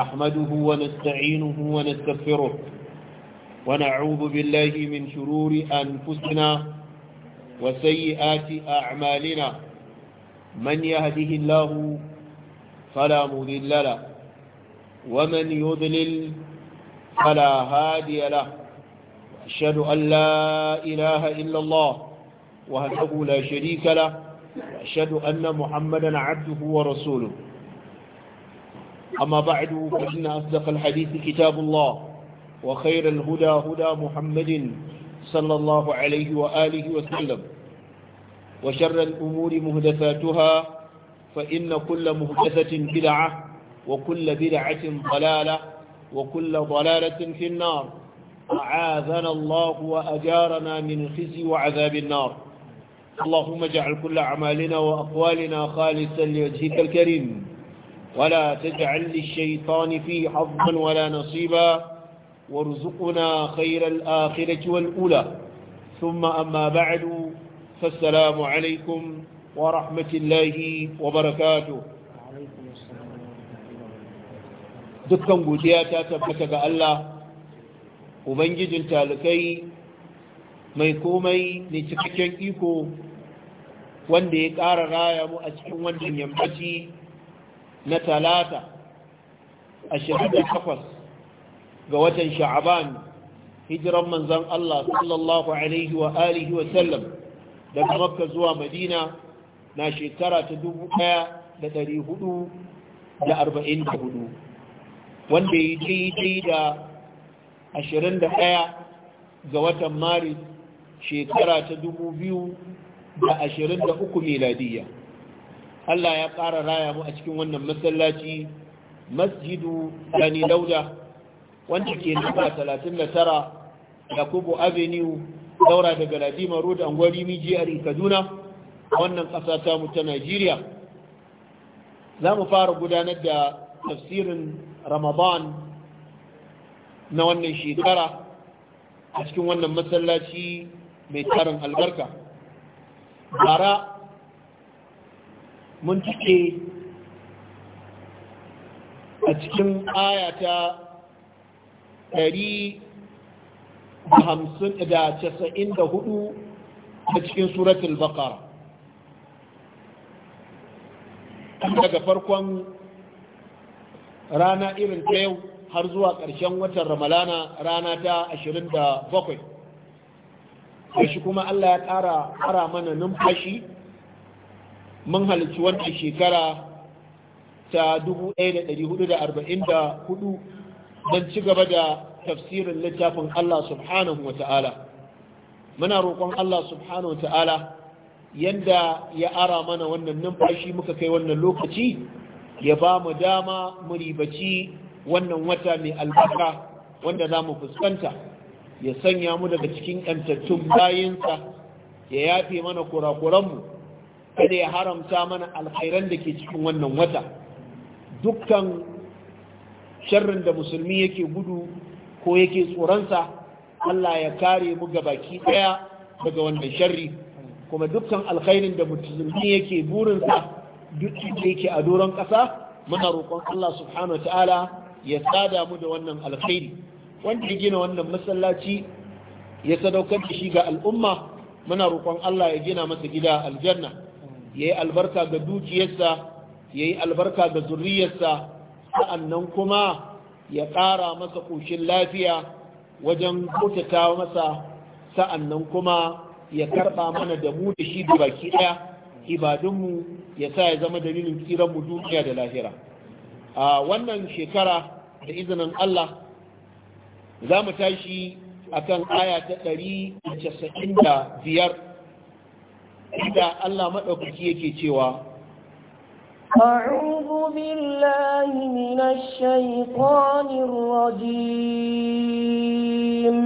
نحمده ونستعينه ونستغفره ونعوذ بالله من شرور أنفسنا وسيئات أعمالنا من يهده الله فلا مذل له ومن يذلل فلا هادي له أشهد أن لا إله إلا الله وهده لا شريك له وأشهد أن محمدا عبده ورسوله أما بعد فإن أصدق الحديث كتاب الله وخير الهدى هدى محمد صلى الله عليه وآله وسلم وشر الأمور مهدثاتها فإن كل مهدثة بدعة وكل بدعة ضلالة وكل ضلالة في النار أعاذنا الله وأجارنا من خزي وعذاب النار اللهم اجعل كل أعمالنا وأقوالنا خالصا لوجهك الكريم ولا تجعل للشيطان فيه حظا ولا نصيبا وارزقنا خير الآخرة والأولى ثم أما بعد فالسلام عليكم ورحمة الله وبركاته dukkan godiya ta tabbata ga Allah ubangijin talikai mai komai ne cikakken iko wanda ya ƙara raya mu a cikin wannan yammaci na talata 28 ga watan sha'aban hijiran manzan Allah sallallahu alaihi wa alihi wa sallam daga makka zuwa madina na shekara ta 1444 wanda ya daidai da 21 ga watan maris shekara ta 2023 miladiyya Allah ya ƙara raya mu a cikin wannan masallaci masjidu Sani Dauda wanda ke namba 39 Yakubu Avenue daura daga Ladima Road Angwari Mijiyar e, Kaduna wannan ƙasa ta mu ta Najeriya za mu fara gudanar da tafsirin Ramadan na wannan shekara a cikin wannan masallaci mai tarin albarka bara mun cike a cikin ayata ɗari da hamsin da casa'in da hudu a cikin suratul bakar daga farkon rana irin ta yau har zuwa ƙarshen watan ramalana rana ta ashirin da 27 shi kuma Allah ya ƙara mana numfashi mun halarci wannan shekara ta 1444 don ci gaba da tafsirin littafin Allah subhanahu wa ta'ala muna roƙon Allah subhanahu wa ta'ala yadda ya ara mana wannan numfashi muka kai wannan lokaci ya ba mu dama mu ribaci wannan wata mai albarka wanda za mu fuskanta ya sanya mu daga cikin ƴantattun bayansa ya yafe mana kurakuranmu kada ya haramta mana alkhairan da ke cikin wannan wata dukkan sharrin da musulmi yake gudu ko yake tsoronsa Allah ya kare mu ga baki daya daga wannan sharri kuma dukkan alkhairin da musulmi yake burinsa duk da yake a doron ƙasa muna roƙon Allah subhanahu ta'ala ya sada mu da wannan alkhairi wanda ya gina wannan masallaci ya sadaukar da shi ga al'umma muna roƙon Allah ya gina masa gida aljanna yayi albarka ga dukiyarsa yayi albarka ga zurriyarsa, sa'annan kuma ya ƙara masa ƙoshin lafiya wajen kyautata masa sa'annan kuma ya karɓa mana da mu da shi da baki ɗaya ibadunmu ya sa ya zama dalilin tsiranmu duniya da lahira a wannan shekara da izinin Allah za mu tashi akan aya ta ɗari da da biyar. inda Allah maɗaukaki yake cewa أعوذ بالله من الشيطان الرجيم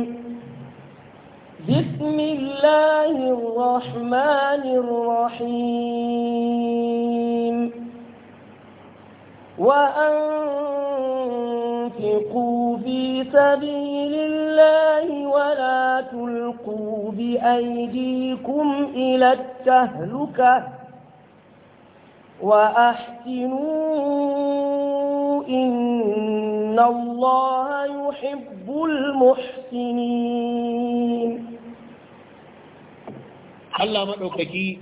بسم الله الرحمن الرحيم وأنفقوا في سبيل الله ولا تلقوا بأيديكم إلى التهلكة وأحسنوا إن الله يحب المحسنين Allah maɗaukaki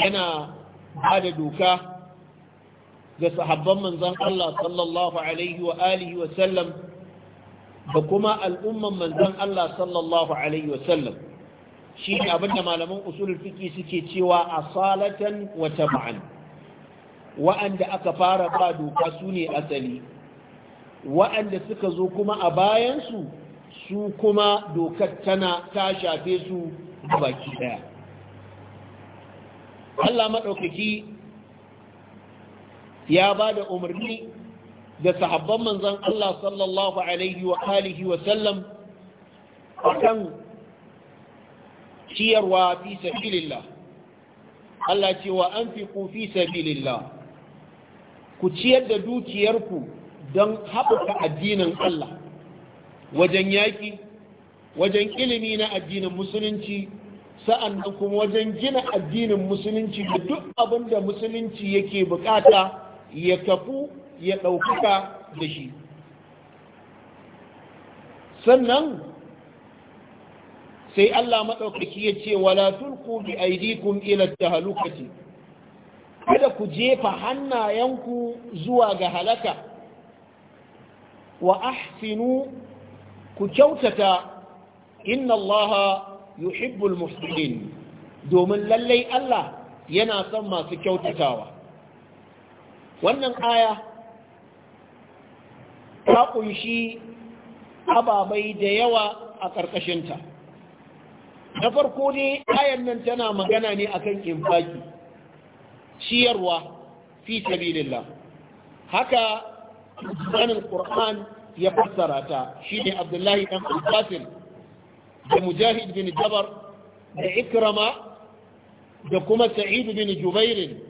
yana ba da doka ga sahabban manzan Allah sallallahu Alaihi wa alihi wa da kuma al'umman manzon Allah sallallahu alaihi wasallam shi ne abinda malaman usulul fiqi suke cewa asalatan wa tab'an wa'anda aka fara ba doka su ne asali wa'anda suka zo kuma a bayansu su kuma dokar tana ta shafe su baki daya Allah maɗaukaki ya ba da umarni da sahabban manzan Allah sallallahu alaihi wa alihi wa sallam kan ciyarwa fi sabilillah Allah ce wa anfiqu fi sabilillah ku ciyar da dukiyarku don haɓaka addinin Allah wajen yaƙi wajen ilimi na addinin musulunci sa'an kuma wajen gina addinin musulunci da duk abin da musulunci yake bukata ya kafu ya ɗaukaka da shi sannan sai Allah maɗaukaki ya ce wala tulku bi aidikum ila tahalukati kada ku jefa hannayenku zuwa ga halaka wa ahsinu ku kyautata inna Allaha yuhibbul muhsinin domin lallai Allah yana son masu kyautatawa wannan aya ta kunshi ababai da yawa a ƙarƙashinta na farko ne ayan nan tana magana ne akan infaki ciyarwa fi sabilillah haka sanin ƙur'an ya fassara ta shine abdullahi Ɗan abbasin da mujahid bin jabar da ikrama da kuma sa'id bin jubairin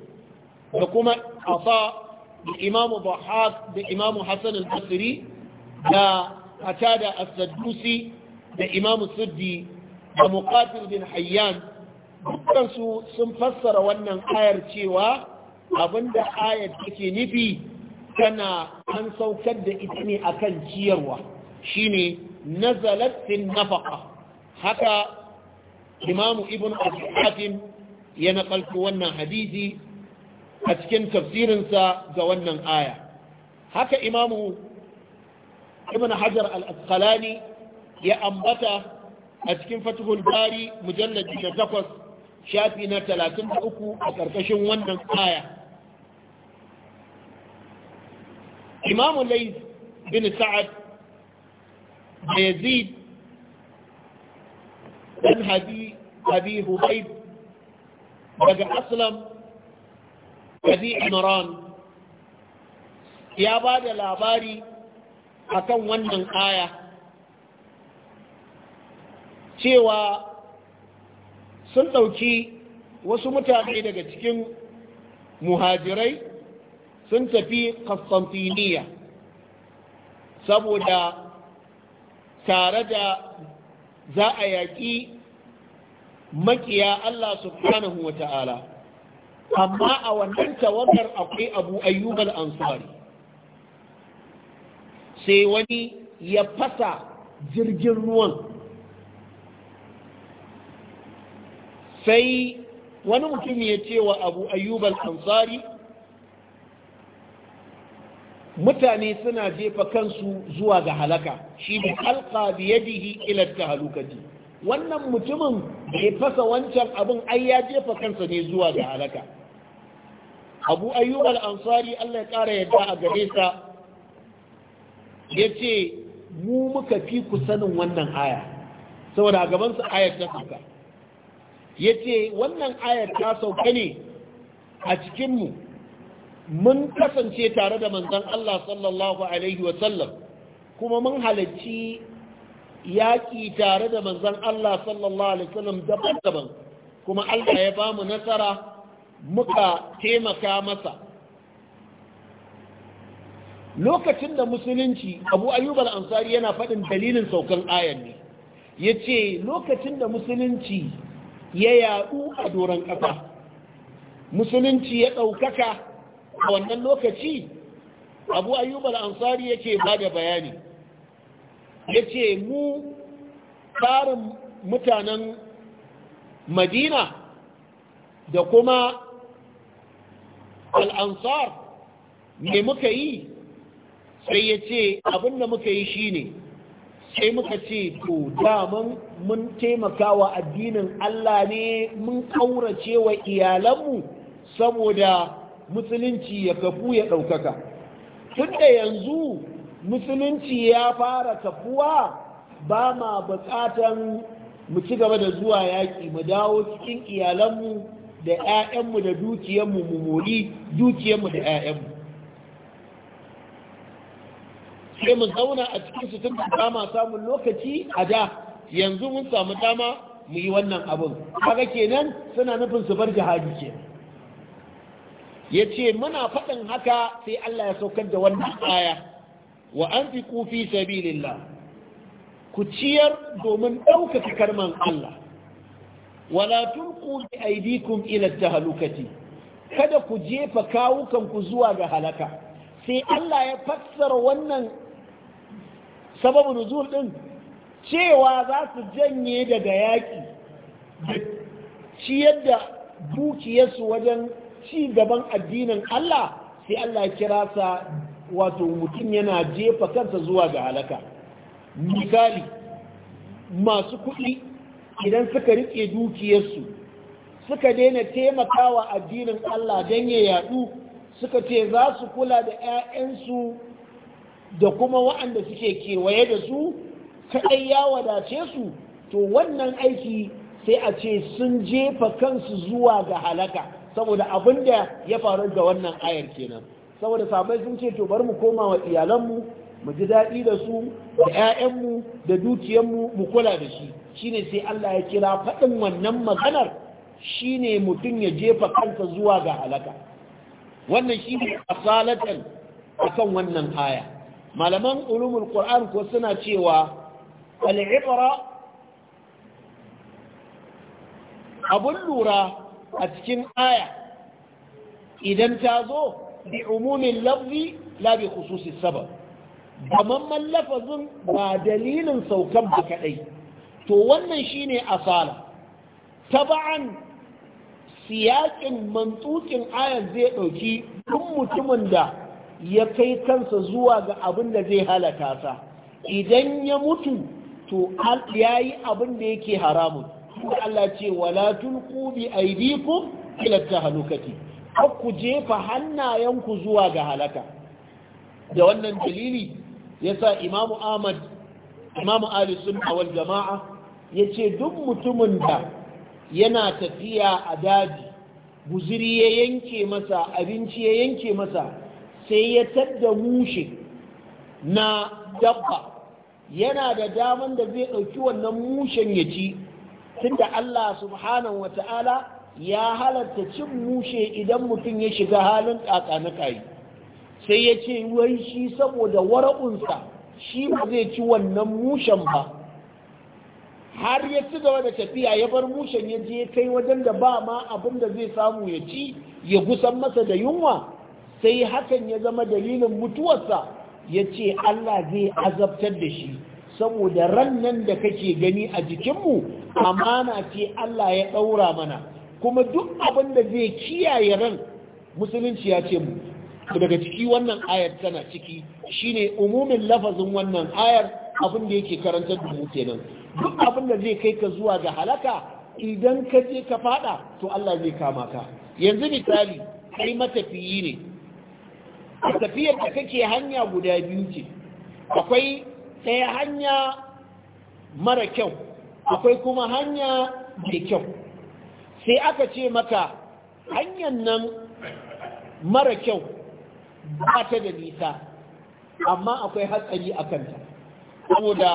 da kuma afa da imamu bahak da imamu hassan al-basri da atada as-saddusi da imamu suddi da muqatil bin hayyan dukkansu sun fassara wannan ayar cewa abinda ayar take nufi tana an saukar da ita ne kan ciyarwa shine nazalat fil nafaqa haka imamu ibn abi hatim ya nakalto wannan hadisi a cikin tafsirinsa ga wannan aya haka imamu ibn hajar al-asqalani ya ambata a cikin fatihul bari mujalladi na takwas shafi na talatin da uku a ƙarƙashin wannan aya imamu lais bin sa'ad da yazid dan habi abi hubayb daga aslam abi imran ya ba da labari a kan wannan aya cewa sun ɗauki wasu mutane daga cikin muhajirai sun tafi kastantiniya saboda tare da za a yaƙi makiya Allah subhanahu wa ta'ala amma a wannan tawagar akwai abu ayyub ansari sai wani ya fasa jirgin ruwan sai wani mutum ya ce wa abu ayyub ansari mutane suna jefa kansu zuwa ga halaka shi ne alka biyadihi ila tahalukati wannan mutumin bai fasa wancan abin ai ya jefa kansa ne zuwa ga halaka abu ayyub al-ansari Allah ya kara yadda a gare sa yace mu muka fi ku sanin wannan aya saboda gaban sa ayar ta sauka yace wannan ayar ta sauka ne a cikin mu mun kasance tare da manzon Allah sallallahu alaihi wa sallam kuma mun halarci yaƙi tare da manzan Allah sallallahu Alaihi wasallam daban-daban kuma Allah ya ba mu nasara muka taimaka masa lokacin da musulunci abu Ayyubar ansari yana faɗin dalilin saukan ayan ne ya ce lokacin da musulunci ya yaɗu a doron ƙasa musulunci ya ɗaukaka a wannan lokaci abu Ayyubar ansari yake ba da bayani ya ce mu tsarin mutanen madina da kuma al'ansar ne muka yi sai ya ce abin da muka yi shine sai muka ce to daman mun taimaka wa addinin Allah ne mun kaurace wa iyalanmu saboda musulunci ya kafu ya ɗaukaka tun da yanzu musulunci ya fara tafuwa, ba ma buƙatan mu ci gaba da zuwa yaƙi mu dawo cikin iyalanmu da 'ya'yanmu da dukiyanmu mu mori dukiyanmu da 'ya'yanmu sai mu zauna a cikin su tun ba ma samun lokaci a da yanzu mun samu dama mu yi wannan abin Haka kenan suna nufin su bar jihadi ke ce muna faɗin haka sai Allah ya saukar da wannan aya wa an fi sabilillah ku ciyar domin ɗaukaka karman Allah wala tulqu bi aydikum ila tahlukati kada ku jefa kawukan ku zuwa ga halaka sai Allah ya fassara wannan sababu nuzul din cewa za su janye daga yaƙi da ciyar da dukiyarsu wajen ci gaban addinin Allah sai Allah ya kira sa wato mutum yana jefa kansa zuwa ga halaka misali masu kuɗi idan suka riƙe dukiyarsu suka daina taimakawa addinin Allah don ya yadu suka ce za su kula da 'ya'yansu da kuma waɗanda suke kewaye da su kaɗai ya wadace su to wannan aiki sai a ce sun jefa kansu zuwa ga halaka saboda abin da ya faru ga wannan ayar kenan saboda sabai sun ce to bari mu koma wa iyalanmu mu ji daɗi da su da 'ya'yanmu da dukiyanmu mu kula da shi shine sai Allah ya kira faɗin wannan maganar shine mutum ya jefa kansa zuwa ga halaka wannan shine asalatan akan wannan aya malaman ulumul qur'an ko suna cewa al abun lura a cikin aya idan ta zo bi umumin lafzi la kususi khususi sabab gamamman lafazin ba dalilin saukar ba kadai to wannan shine asala taba'an siyaƙin mantukin ayar zai ɗauki duk mutumin da ya kai kansa zuwa ga abin da zai halaka sa idan ya mutu to ya abin da yake haramun Allah ce wala tulqu bi aydikum ila tahlukati har ku jefa hannayenku zuwa ga halaka da wannan dalili yasa imamu ahmad imamu ali sun jama'a jama'a ce duk mutumin da yana tafiya a daji guziri ya yanke masa abinci ya yanke masa sai ya tadda mushe na dabba yana da daman da zai ɗauki wannan mushen ya ci tunda Allah subhanahu wa ta'ala ya halarta cin mushe idan mutum ya shiga halin ƙaƙa na ƙari sai ya ce wai shi saboda wara'unsa shi ba zai ci wannan mushen ba har ya ci gaba da tafiya ya bar mushen ya je kai wajen da ba ma abin da zai samu ya ci ya gusan masa da yunwa sai hakan ya zama dalilin mutuwarsa ya ce Allah zai azabtar da shi saboda ran nan da kake gani a jikinmu amana ce Allah ya ɗaura mana kuma duk abin da zai kiyaye ran musulunci ya ce mu daga ciki wannan ayar tana ciki shine umumin lafazin wannan ayar abin da yake karanta da mu kenan duk abin da zai kai ka zuwa ga halaka idan ka je ka fada to Allah zai kama ka yanzu misali kai matafiyi ne tafiyar da kake hanya guda biyu ce akwai ɗaya hanya mara kyau akwai kuma hanya mai kyau sai aka ce maka hanyar nan mara kyau ba ta da nisa amma akwai hatsari a kanta saboda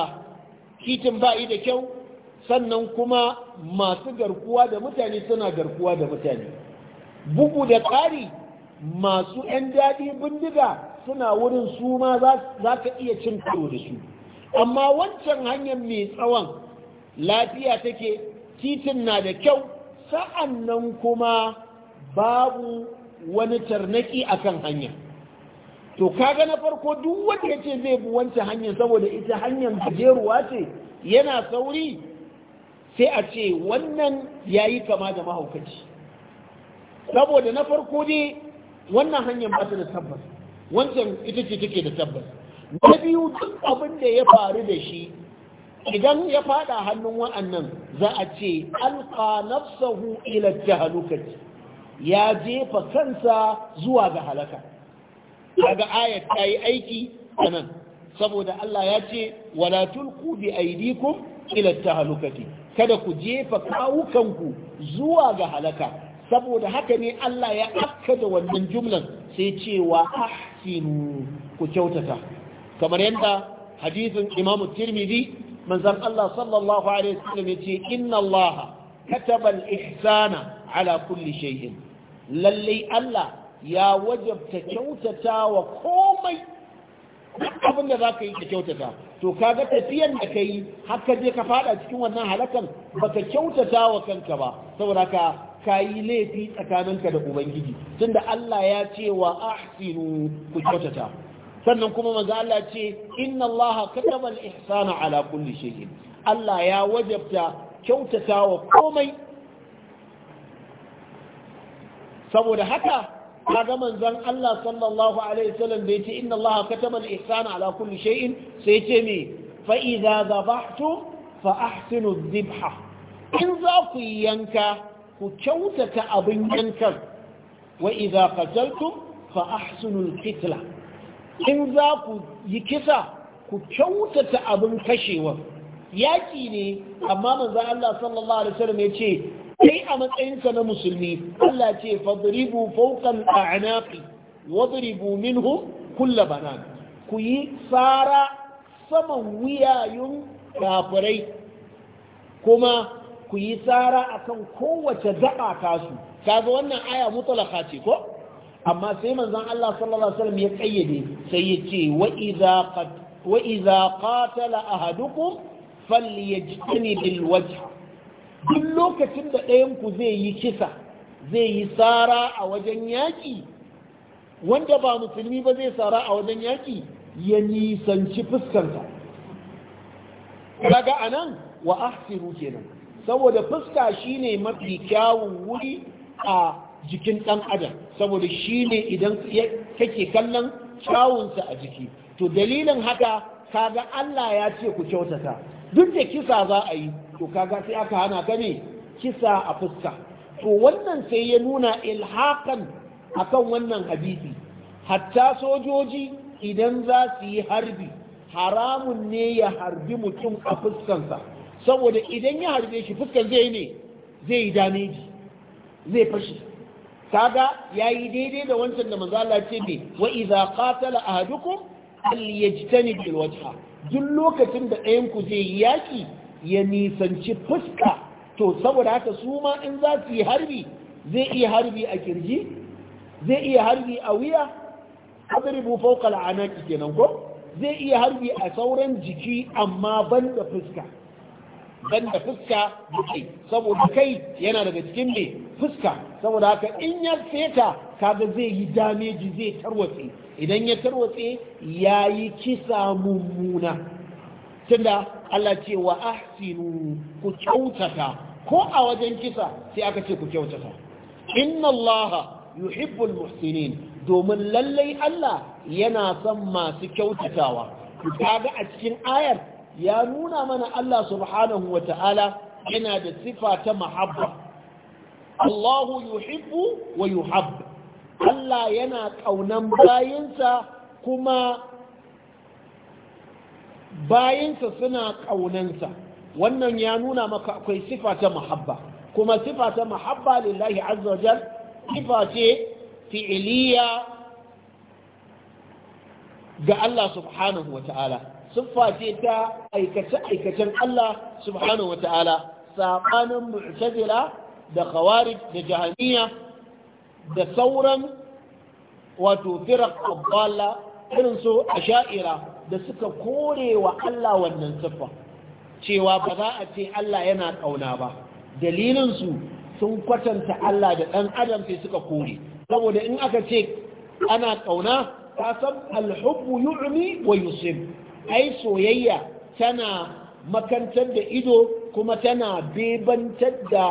titin ba'i da kyau sannan kuma masu garkuwa da mutane suna garkuwa da mutane bugu da ƙari masu 'yan daɗi bindiga suna wurin su ma za ka iya cin karo da su amma wancan hanyar mai tsawon lafiya take titin na da kyau sa'an nan kuma babu wani tarnaki a kan hanya to kaga na farko duk wanda ya ce zai bi wancan hanyar saboda ita hanyar gajeruwa ce yana sauri sai a ce wannan ya yi kama da mahaukaci saboda na farko dai wannan hanyar ba ta da tabbas wancan ita ce take da tabbas na biyu duk abin da ya faru da shi idan ya fada hannun wa'annan za a ce alfa nafsahu ila jahalukati ya jefa kansa zuwa ga halaka daga ayat ta yi aiki a nan saboda Allah ya ce wala tulku bi aidikum ila tahlukati kada ku jefa kawukanku zuwa ga halaka saboda haka ne Allah ya da wannan jumlan sai cewa ahsinu ku kyautata kamar yadda hadisin Imam Tirmidhi manzon Allah sallallahu alaihi wasallam yace inna Allah kataba ihsana ala kulli shay'in lalle Allah ya wajabta kyautata wa komai abin da zaka yi ka kyautata to kaga tafiyan da kai har ka je ka fada cikin wannan halakan baka kyautata wa kanka ba saboda ka kayi laifi tsakaninka da ubangiji tunda Allah ya ce wa ahsinu ku kyautata sannan kuma manzo Allah ce inna Allah kataba al-ihsana ala kulli shay'in Allah ya wajabta kyautatawa komai saboda haka kaga manzon Allah sallallahu alaihi wasallam da yace inna Allah kataba al-ihsana ala kulli shay'in sai yace me fa idza dhabhtum fa ahsinu adh-dhabha in za ku yanka ku kyautata abin yankan wa idza qataltum fa ahsinu al-qitla in za ku yi kisa ku kyautata abin kashewa yaƙi ne amma manzan Allah sallallahu alaihi wasallam ya ce kai a matsayinka na musulmi Allah ce fadribu fawqal a'naqi wadribu minhu kulla banan ku yi tsara saman wuyayun kafirai kuma ku yi tsara akan kowace daba tasu kaga wannan aya mutalaka ce ko amma sai manzon Allah sallallahu alaihi wasallam ya kayyade sai ya ce wa idza qad wa idza qatala ahadukum falyajtani bil wajh duk lokacin da ɗayan ku zai yi kisa zai yi sara a wajen yaki wanda ba musulmi ba zai sara a wajen yaki ya nisanci fuskarsa daga anan wa ahsiru kenan saboda fuska shine mafi kyawun wuri a jikin ɗan adam saboda shi ne idan kake kallon kyawunsa a jiki to dalilin haka kaga Allah ya ce ku kyautata duk da kisa za a yi to kaga sai aka hana ka ne kisa a fuska to wannan sai ya nuna ilhakan akan wannan hadisi hatta sojoji idan za su yi harbi haramun ne ya harbi mutum a fuskansa saboda idan ya harbe shi fuskan zai ne zai yi dameji zai fashi kaga yayi daidai da wancan da manzo Allah ce bi wa idza qatala ahadukum falyajtanib bil wajha duk lokacin da ɗayan ku zai yaki ya nisanci fuska to saboda haka su ma in za su yi harbi zai iya harbi a kirji zai iya harbi a wuya adribu fawqa al-anaqi kenan ko zai iya harbi a sauran jiki amma ban da fuska dan da fuska duke saboda kai yana daga cikin ne fuska saboda haka in ya seta kaga zai yi dameji zai tarwatse idan ya tarwatse ya yi kisa mummuna tunda Allah ce wa ahsinu ku kyautata ko a wajen kisa sai aka ce ku kyautata inna Allah yuhibbul muhsinin domin lallai Allah yana son masu kyautatawa kaga a cikin ayar ya nuna mana Allah subhanahu wa ta'ala yana da sifa ta mahabba Allahu yuhibbu wa yuhab Allah yana ƙaunan bayinsa kuma bayinsa suna ƙaunansa. wannan ya nuna maka akwai sifa ta mahabba kuma sifa ta mahabba lillahi azza sifa ce fi'iliya ga Allah subhanahu wa ta'ala siffa ce ta aikace-aikacen Allah subhanahu wa ta'ala saɓanin mu'tazila da khawarij da jahaniya da sauran wato firar abbala irin su a sha'ira da suka kore wa Allah wannan siffa cewa ba za a ce Allah yana ƙauna ba dalilinsu sun kwatanta Allah da ɗan adam sai suka kore saboda in aka ce ana ƙauna ta san alhubbu yu'mi wa yusuf ai soyayya tana makantar da ido kuma tana bebantar da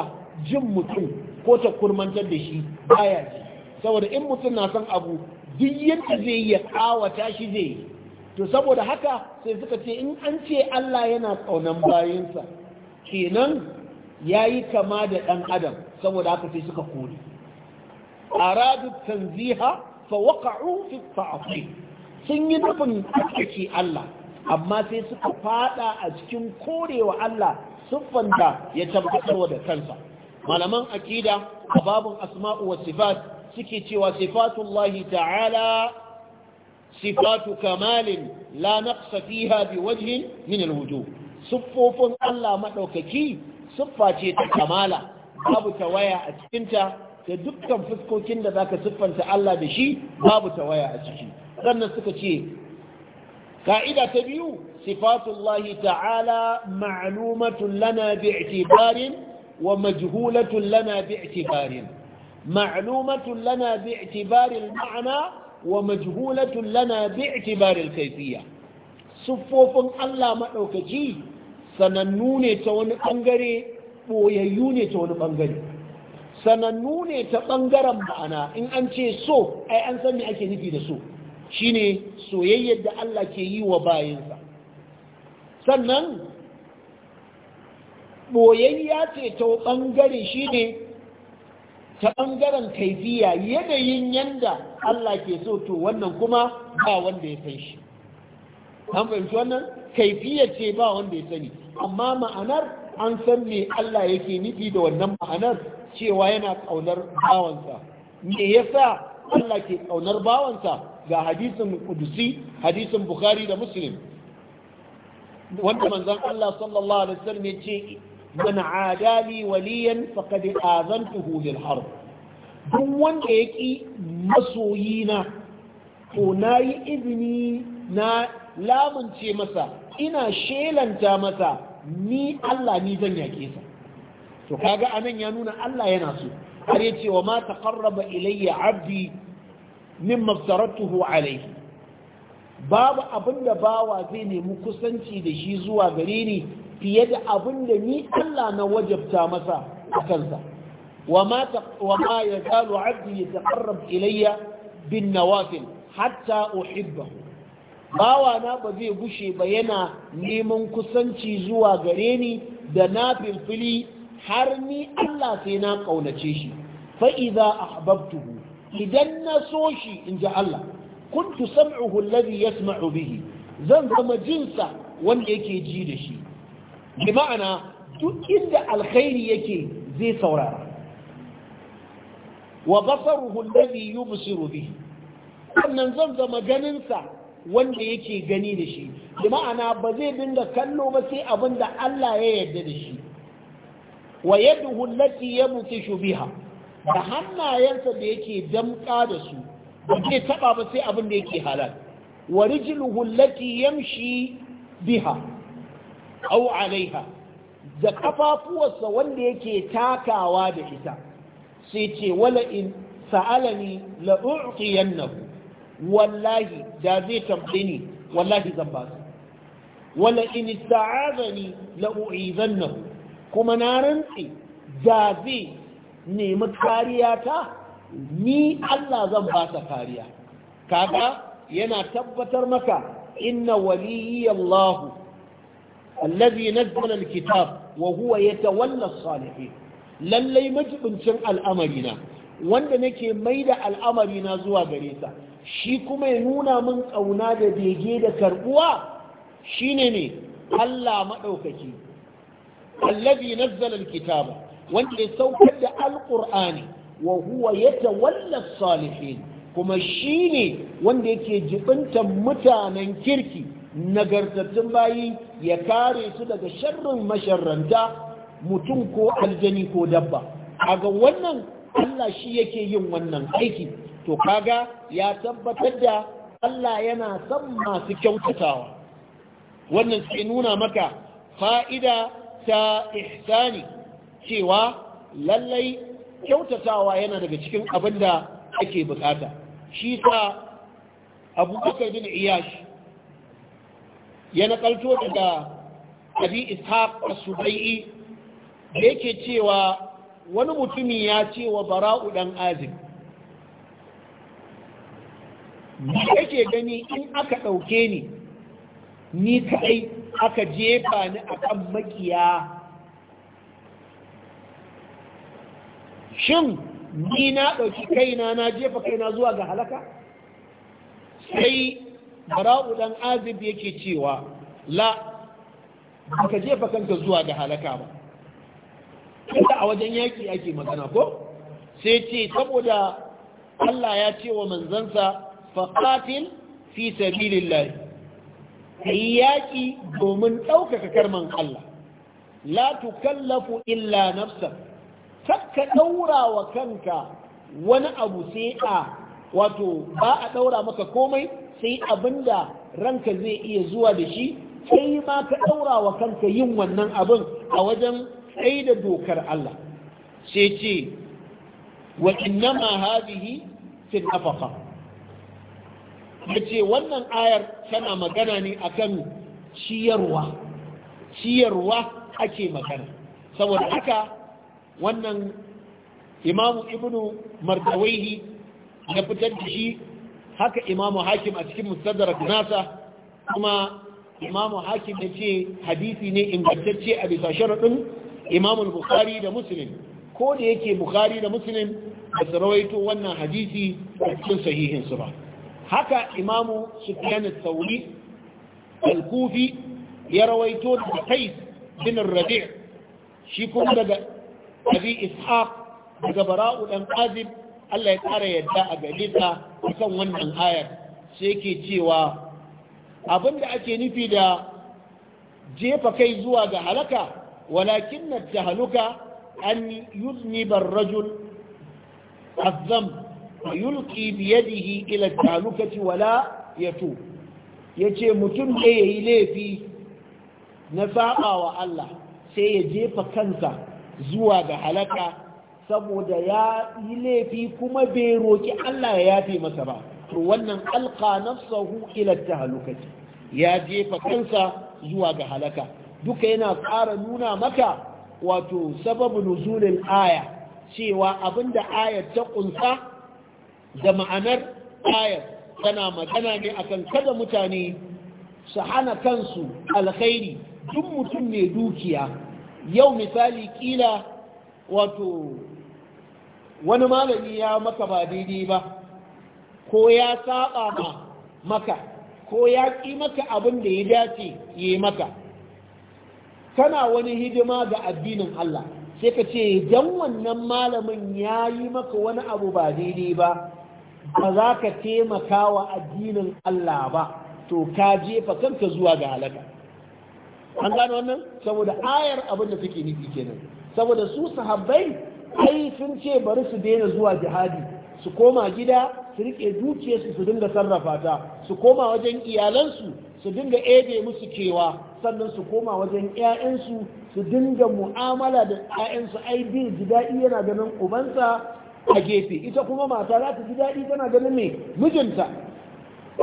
jin mutum ko ta kurmantar da shi baya ji saboda in mutum na son abu duk yadda zai yi ya kawata shi zai yi to saboda haka sai suka ce in an ce Allah yana kaunan bayansa kenan yi kama da ɗan adam saboda haka sai suka kori aradu tanziha fa waqa'u fi ta'til sun yi nufin ake Allah amma sai suka fada a cikin korewa Allah siffanta ya tabbatarwa da kansa malaman aqida a babun asma'u wa sifat suke cewa sifatullahi ta'ala sifatu kamalin la naqsa fiha biwajhin min alwujuh siffofin Allah madaukaki siffa ce ta kamala babu tawaya a cikinta da dukkan fuskokin da zaka siffanta Allah da shi babu tawaya a ciki sannan suka ce قاعدة تبيو صفات الله تعالى معلومة لنا باعتبار ومجهولة لنا باعتبار معلومة لنا باعتبار المعنى ومجهولة لنا باعتبار الكيفية صفوف الله مأوكجي sanannu ta wani ɓangare ɓoyayyu ne ta wani ɓangare sanannu ne ta ɓangaren ma'ana in an ce so ai an san me ake nufi da so shine soyayyar da Allah ke yi wa bayansa. sannan boyayya ce ta ɓangare ne ta ɓangaren kaifiya yanayin yanda Allah ke so to wannan kuma ba wanda ya san shi an fahimci wannan kaifiya ce ba wanda ya sani amma ma'anar an san me Allah yake nufi da wannan ma'anar cewa yana ƙaunar bawansa me yasa Allah ke ƙaunar bawansa ga hadisin kudusi hadisin bukhari da muslim wanda manzon Allah sallallahu alaihi wasallam ya ce man adali waliyan faqad azantuhu lil harb duk wanda ya ki masoyina to nayi izini na lamunce masa ina shelanta masa ni Allah ni zan yake sa to kaga anan ya nuna Allah yana so har ce wa ma taqarraba ilayya abdi min aftaratuhu alaihi babu abinda bawa zai nemi kusanci da shi zuwa gare ni fiye da abinda ni Allah na wajabta masa a kansa وما وما يزال عبدي يتقرب hatta u'hibbahu. Bawa na ba zai gushe ba yana neman kusanci zuwa gare ni da nafilfili har ni Allah sai na kaunace shi fa idza ahbabtuhu idan na so shi in ji Allah kuntu sam'uhu alladhi yasma'u bihi zan zama jinsa wanda yake ji da shi bi ma'ana duk inda alkhairi yake zai saurara wa basaruhu alladhi yubsiru bihi wannan zan zama ganinsa wanda yake gani da shi bi ma'ana ba zai dinga kallo ba sai abin da Allah ya yarda da shi wa yaduhu allati yabtishu biha da hannayensa da yake damka da su ba zai taba ba sai abin da yake halal wa rijluhu allati yamshi biha aw alaiha da kafafuwarsa wanda yake takawa da ita sai ce wala in sa'alani la u'tiyannahu wallahi da zai tambaye ni wallahi zan ba su wala in sa'azani la u'izannahu kuma na rantsi da zai nemi kariya ta ni Allah zan ba ta kariya kaga yana tabbatar maka inna waliyyi Allah allazi nazzala alkitab wa huwa yatawalla as-salihin lallai majibincin al'amarina wanda nake maida al'amarina zuwa gare sa shi kuma ya nuna min kauna da bege da karbuwa shine ne Allah madaukaki allazi nazzala alkitaba wanda ya saukar da alkur'ani wa huwa yatawalla salihin kuma shine wanda yake jibinta mutanen kirki nagartattun bayi ya kare su daga sharrin masharranta mutum ko aljani ko dabba kaga wannan Allah shi yake yin wannan aiki to kaga ya tabbatar da Allah yana son masu kyautatawa wannan sai nuna maka fa'ida ta ihsani cewa lallai kyautatawa yana daga cikin abin da ake bukata shi sa abu bakar bin iyash ya nakalto daga abi ishaq as-subai'i da yake cewa wani mutumi ya ce wa bara'u dan azib ni yake gani in aka ɗauke ni ni kaɗai aka jefa ni akan makiya shin ni na ɗauki kaina na jefa kaina zuwa ga halaka sai bara'u dan azib yake cewa la baka jefa kanka zuwa ga halaka ba inda a wajen yaƙi ake magana ko sai ce saboda Allah ya ce wa manzansa faqatil fi sabilillah kai yaƙi domin ɗaukaka karman Allah la tukallafu illa nafsaka kakka ɗaura wa kanka wani abu sai a wato ba a ɗaura maka komai sai abinda ranka zai iya zuwa da shi sai ma ka ɗaura wa kanka yin wannan abin a wajen da dokar Allah sai ce wa inna ma hadihi fil afaqa yace wannan ayar tana magana ne akan ciyarwa ciyarwa ake magana saboda haka wannan imamu ibnu mardawaihi ya fitar da shi haka imamu hakim a cikin mustadrak nasa kuma imamu hakim ya ce hadisi ne ingantacce a bisa sharaɗin imamu bukhari da muslim ko da yake bukhari da muslim ba su rawaito wannan hadisi a cikin sahihinsu ba haka imamu sufyan sauri al-kufi ya rawaito da kais binin rabi' shi kuma daga abi ishaq daga bara'u dan azib Allah ya ƙara yadda a gare ta akan wannan ayar sai ke cewa abin da ake nufi da jefa kai zuwa ga halaka walakin na tahaluka an yuzni barrajul azzam wa yulqi bi yadihi ila tahalukati wala yatu yace mutum ne yayi laifi na saɓa wa Allah sai ya jefa kansa zuwa ga halaka saboda ya yi laifi kuma bai roki Allah ya yafe masa ba to wannan alqa nafsahu ila tahlukati ya jefa kansa zuwa ga halaka duka yana ƙara nuna maka wato sababu nuzulil aya cewa abinda ayar ta kunsa da ma'anar ayar tana magana ne akan kada mutane su hana kansu alkhairi duk mutum mai dukiya yau misali kila wato wani malami ya maka ba daidai ba ko ya saba ma maka ko ya ƙi maka abin da ya dace ya maka kana wani hidima ga addinin Allah sai ka ce don wannan malamin ya yi maka wani abu ba daidai ba ba za ka taimaka wa addinin Allah ba to ka jefa kanka zuwa ga halaka an gano wannan saboda ayar abin da take nufi kenan saboda su sahabbai ai sun ce bari su daina zuwa jihadi su koma gida su rike dukiyarsu su dinga sarrafa ta su koma wajen iyalansu su dinga ebe musu kewa sannan su koma wajen 'ya'yansu su dinga mu'amala da 'ya'yansu ai bin ji daɗi yana ganin ubansa a gefe ita kuma mata za ta ji daɗi tana ganin me mijinta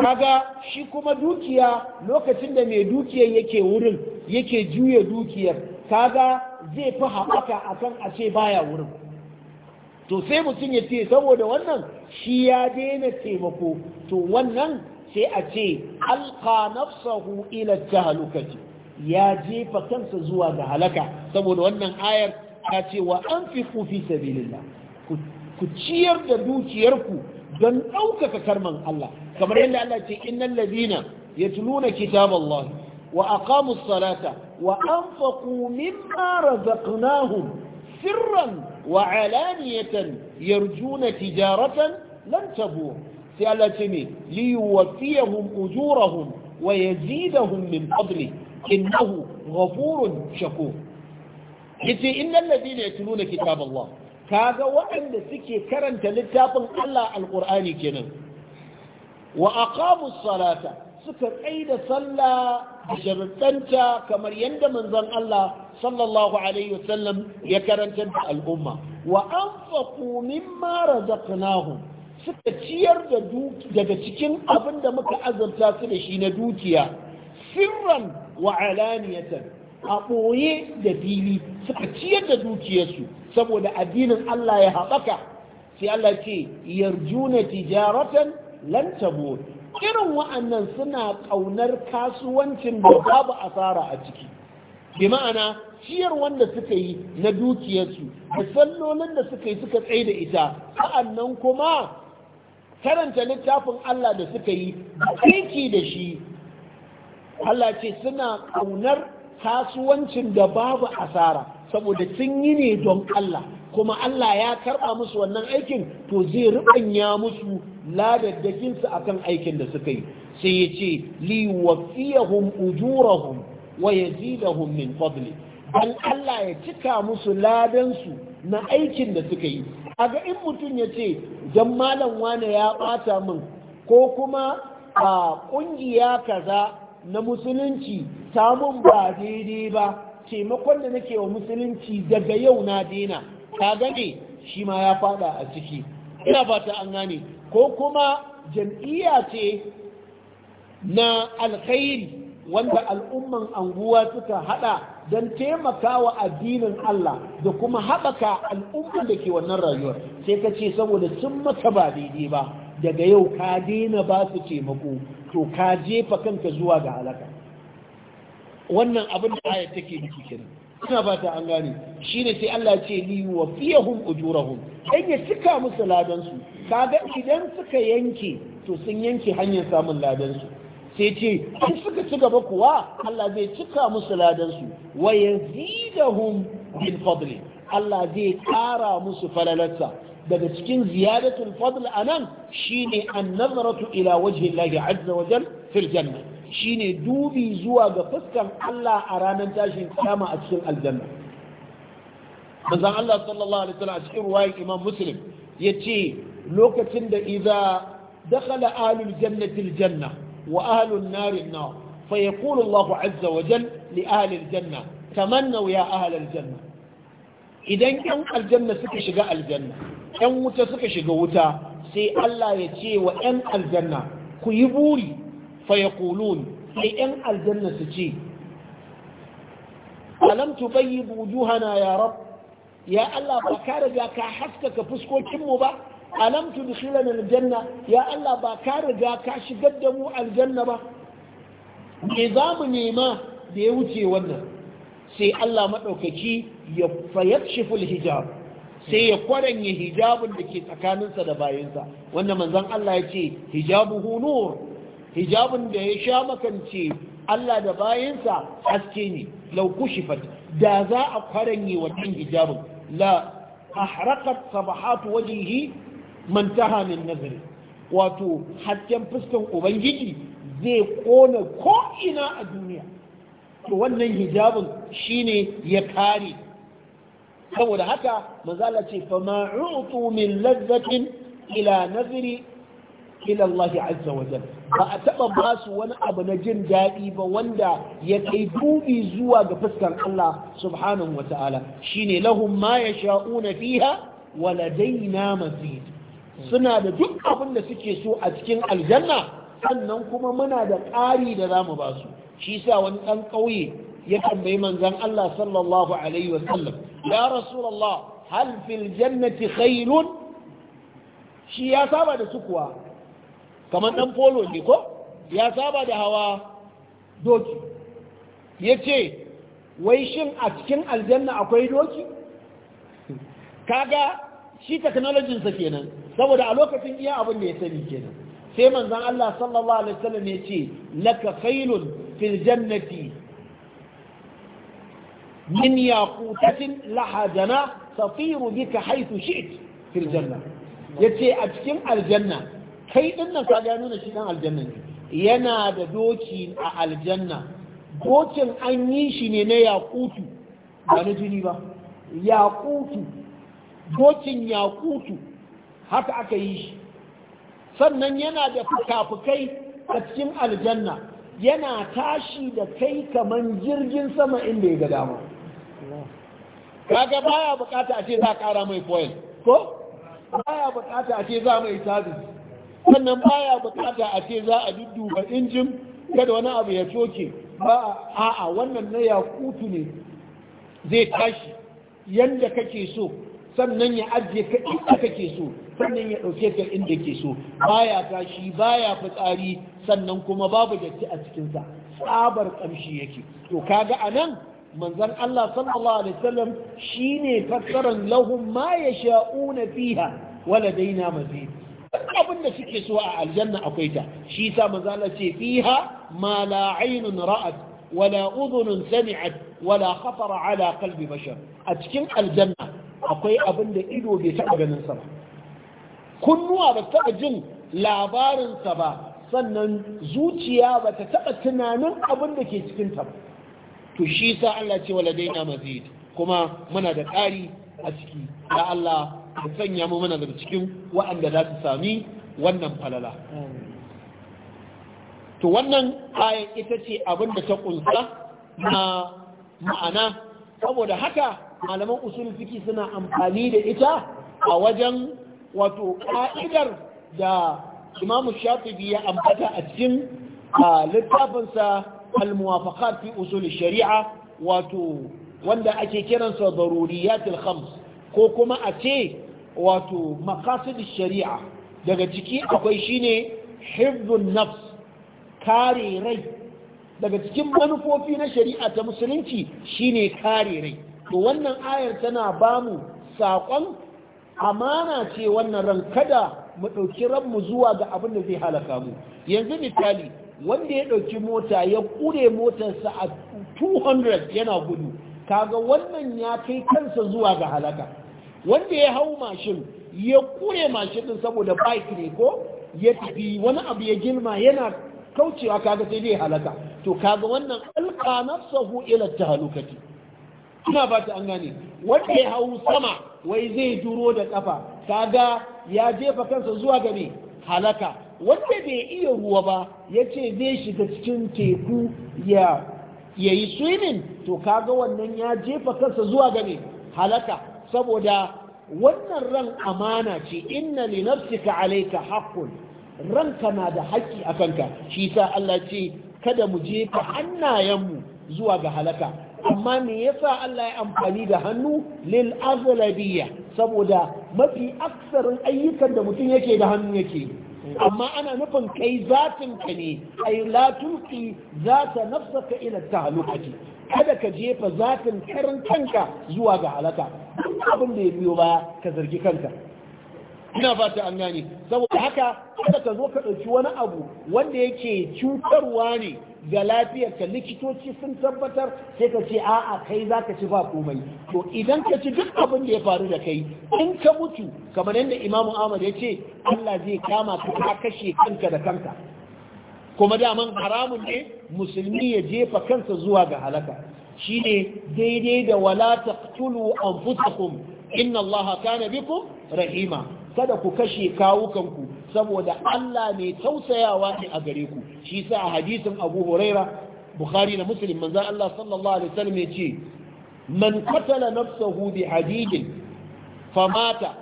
kaga shi kuma dukiya lokacin da mai dukiyar yake wurin yake juya dukiyar kaga zai fi haɓaka akan a ce baya wurin to sai mutum ya ce saboda wannan shi ya daina taimako to wannan sai a ce alqa nafsahu ila tahlukati ya jefa kansa zuwa ga halaka saboda wannan ayar ta ce wa an fi sabilillah ku ciyar da dukiyarku don ɗaukaka karman Allah kamar yadda Allah ce ya ladina yatluna kitaballahi wa aqamu salata wa anfaqu mimma razaqnahum sirran wa alaniyatan yarjuna tijaratan lan tabur sai Allah ce ne li yuwaffiyahum ujurahum wa yazidahum min fadli innahu ghafurun shakur yace innal ladina yatluna kitaballahi kaga waɗanda suke karanta littafin Allah alƙur'ani kenan wa aqamu salata suka da sallah sharuɗanta kamar yadda manzon Allah sallallahu alaihi wasallam ya karanta da al'umma wa anfaqu mimma razaqnahum suka ciyar da daga cikin abin da muka azurta su da shi na dukiya sirran wa alaniyatan a ɓoye da fili suka ciyar da dukiyarsu saboda addinin Allah ya haɓaka sai Allah ce yarjuna tijaratan lan tabur irin wa'annan suna ƙaunar kasuwancin da babu asara a ciki bi ma'ana ciyar wanda suka yi na dukiyarsu da sallolin da suka yi suka tsaye da ita sa'annan kuma karanta littafin Allah da suka yi aiki da shi Allah ce suna ƙaunar kasuwancin da babu asara saboda sun yi ne don Allah kuma Allah ya karɓa musu wannan aikin to zai ruɓanya musu ladaddakinsu akan aikin da suka yi sai ya ce liwafiyahum ujurahum wa yazidahum min fadli dan Allah ya cika musu ladansu na aikin da suka yi aga in mutum ya ce dan malam wane ya bata min ko kuma a ƙungiya kaza na musulunci ta samun ba daidai ba taimakon da nake wa musulunci daga yau na dena ka gane shi ma ya fada a ciki ina ta an gane ko kuma jam'iyya ce na alkhairi wanda al'umman anguwa suka hada don taimaka wa addinin Allah da kuma haɓaka al'umman da ke wannan rayuwar sai ka ce saboda sun maka ba daidai ba daga yau ka daina ba su taimako to ka jefa kanka zuwa ga halaka wannan abin da ayat take nufi kenan ina ba ta an gane shine sai Allah ce li wa fiyahum ujurahum dan ya cika musu ladan su kaga idan suka yanke to sun yanke hanyar samun ladan su sai ce in suka ci gaba kuwa Allah zai cika musu ladan su wa yazidahum bil fadli Allah zai kara musu falalarsa daga cikin ziyadatul fadl anan shine an nazaratu ila wajhi Allah azza wa jalla fil janna shine dubi zuwa ga fuskan Allah a ranar tashin kyama a cikin aljanna manzon Allah sallallahu alaihi wasallam a cikin ruwayar Imam Muslim yace lokacin da idza dakhala ahlul jannati aljanna wa ahlun nari an-nar fa yaqulu Allah azza wa jalla li ahli aljanna ya ahli aljanna idan yan aljanna suka shiga aljanna yan wuta suka shiga wuta sai Allah ya ce wa yan aljanna ku yi buri فيقولون أي أن الجنة تجي ألم تطيب وجوهنا يا رب يا الله بكار جاك حسكك فسكو كمو با ألم تدخلنا الجنة يا الله بكار جاك شقدمو الجنة با نظام نيما ديوتي ونا سي الله مدوككي فيكشف الحجاب sai ya kwaranye hijabun da ke tsakaninsa da bayansa wanda manzon Allah ya ce hijabuhu nur hijabin da ya sha makance Allah da bayansa haske ne laukushi kushifat da za a kwaranye wannan hijabin la ahraqat sabahatu wajhihi mantaha min nazari wato hasken fuskan ubangiji zai ƙona ko ina a duniya to wannan hijabin shine ya kare saboda haka manzala ce fa ma'utu min ila nazari ila Allah azza wa jal ba a taba basu wani abu na jin daɗi ba wanda ya kai dubi zuwa ga fuskar Allah subhanahu wa ta'ala shine lahum ma yasha'una fiha wa ladaina mazid suna da duk abin da suke so a cikin aljanna sannan kuma muna da ƙari da za mu basu shi sa wani ɗan ƙauye ya tambayi manzon Allah sallallahu alaihi wa sallam ya rasulullah hal fil jannati khairun shi ya saba da su kuwa kamar ɗan polo ne ko ya saba da hawa doki ya ce wai shin a cikin aljanna akwai doki kaga shi technologinsa kenan saboda a lokacin iya abin da ya sani kenan sai manzan Allah sallallahu alaihi wasallam ya ce laka khailun fil jannati min yaqutatin lahajana tatiru bika haythu shi'it fil janna yace a cikin aljanna kai din nan ka gano nuna shi kan aljanna yana da doki a aljanna dokin an yi shi ne na yakutu ba na jini ba yakutu dokin yakutu haka aka yi shi sannan yana da fuka a cikin aljanna yana tashi da kai kaman jirgin sama inda ya ga dama kaga baya bukata a ce za a kara mai foil ko baya bukata a ce za mai tazi sannan baya bukata a ce za a dudduba injin kada wani abu ya coke ba a'a wannan na yakutu ne zai tashi yanda kake so sannan ya ajiye ka inda kake so sannan ya ɗauke ka inda ke so baya tashi baya fitsari sannan kuma babu datti a cikinsa tsabar ƙamshi yake to kaga anan manzon Allah sallallahu alaihi wasallam shine fassaran lahum ma yasha'una fiha waladaina mazid da suke so a aljanna akwai ta shi sa manzala ce fiha ma la aynun ra'at wala udhunun sami'at wala khatara ala qalbi bashar a cikin aljanna akwai abin da ido bai taɓa ganin sa ba kunnuwa ba taɓa jin labarin sa ba sannan zuciya ba ta taɓa tunanin abin da ke cikin ta ba to shi sa Allah ce wala daina mazid kuma muna da ƙari a ciki ya Allah ka sanya mu mana daga cikin waɗanda za su sami wannan falala to wannan ayan ita ce abin da ta ƙunsa na ma'ana saboda haka malaman usul fiki suna amfani da ita a wajen wato ka'idar da imamu biyu ya ambata a cikin littafinsa al-muwafaqat fi usul shari'a wato wanda ake kiransa daruriyatul khams ko kuma a ce wato maqasid shari'a daga ciki akwai shine hibbun nafs kare rai daga cikin manufofi na shari'a ta musulunci shine kare rai to wannan ayar tana bamu saƙon amana ce wannan ran kada mu ɗauki ranmu zuwa ga abin da zai halaka mu yanzu misali wanda ya ɗauki mota ya ƙure motarsa a 200 yana gudu kaga wannan ya kai kansa zuwa ga halaka wanda ya hau mashin ya kure mashin din saboda bike ne ko ya tafi wani abu ya girma yana kaucewa kaga sai zai halaka to kaga wannan alqa nafsahu ila tahlukati ina ba ta an gane wanda ya hau sama wai zai duro da kafa kaga ya jefa kansa zuwa gabe halaka wanda bai iya ruwa ba ya ce zai shiga cikin teku ya yi swimming to kaga wannan ya jefa kansa zuwa gabe halaka saboda wannan ran amana ce inna li nafsika alayka haqqun ranka na da haƙƙi a kanka shi sa Allah ce kada mu jefa hannayenmu zuwa ga halaka amma me yasa Allah ya amfani da hannu lil azlabiyya saboda mafi aksarin ayyukan da mutum yake da hannu yake amma ana nufin kai zatin ka ne ay la tulqi zata nafsaka ila tahlukati kada ka jefa zatin karin kanka zuwa ga halaka abin da ya biyo ba ka zargi kanka ina fata an gane saboda haka kada ka zo ka ɗauki wani abu wanda yake cutarwa ne ga lafiyar ka likitoci sun tabbatar sai ka ce a'a kai za ka ci ba komai to idan ka ci duk abin da ya faru da kai in ka mutu kamar yadda imamu ahmad ya ce allah zai kama ka ka kashe kanka da kanka kuma daman haramun ne musulmi ya jefa kansa zuwa ga halaka Shi ne daidai da wala an anfusakum inna allaha kana bikum rahima kada ku kashe kawukanku saboda Allah mai tausayawa ne a gare ku shi sa a hadisin Abu Huraira Bukhari da Muslim manzo Allah sallallahu alaihi wasallam ce. man katala nafsahu bi hadidin famata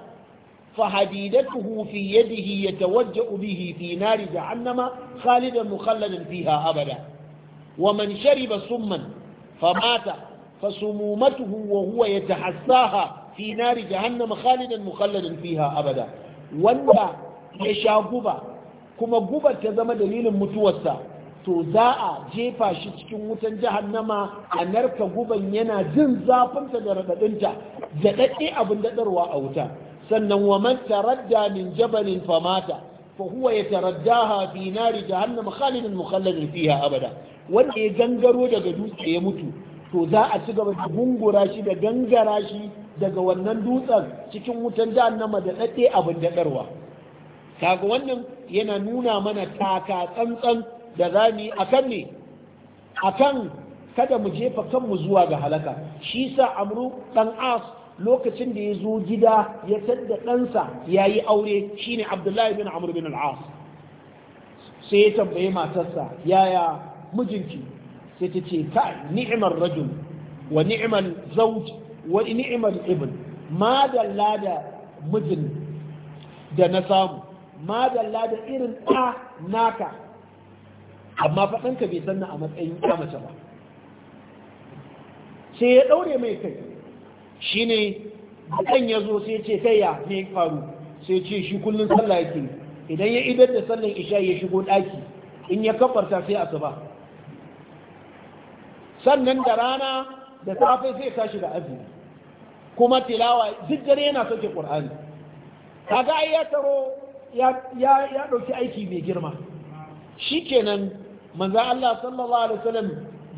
فحديدته في يده يتوجأ به في نار جهنم خالدا abada. Wa أبدا ومن شرب سما famata fasumumatuhu wa huwa yatahassaha fi nari jahannam khalidan mukhalladan fiha abada wanda ya sha guba kuma guba ta zama dalilin mutuwarsa to za'a jefa shi cikin wutan nama a narka guban yana jin zafinta da raɗaɗinta da ɗaɗɗe abin daɗarwa a wuta sannan wa man taradda min jabalin famata fa huwa yataraddaha fi nari jahannam khalidan mukhalladan fiha abada wanda ya gangaro daga dutse ya mutu to za a ci gaba da gungura shi da gangara shi daga wannan dutsen cikin wutan jahannama da dade abin dadarwa kaga wannan yana nuna mana taka tsantsan da zani akan ne akan kada mu jefa kanmu zuwa ga halaka shi sa amru dan as lokacin da ya zo gida ya tadda ɗansa ya yi aure shine abdullahi bin amr bin al'as sai ya tambaye matarsa yaya mijinki sai ta ce ta ni'imar rajul wa ni'imar zauj wa ni'imar ibn ma dalla da mijin da na samu ma dalla da irin ɗa naka amma faɗanka bai sanna a matsayin mace ba sai ya ɗaure mai kai shine dan ya zo sai ce kai ya ne faru sai ce shi kullum sallah yake idan ya idar da sallan isha ya shigo ɗaki, in ya kafarta sai asuba sannan da rana da safe sai tashi da azumi kuma tilawa duk dare yana sauke ƙur'ani, kaga ai ya taro ya ya aiki mai girma shikenan manzo Allah sallallahu alaihi wasallam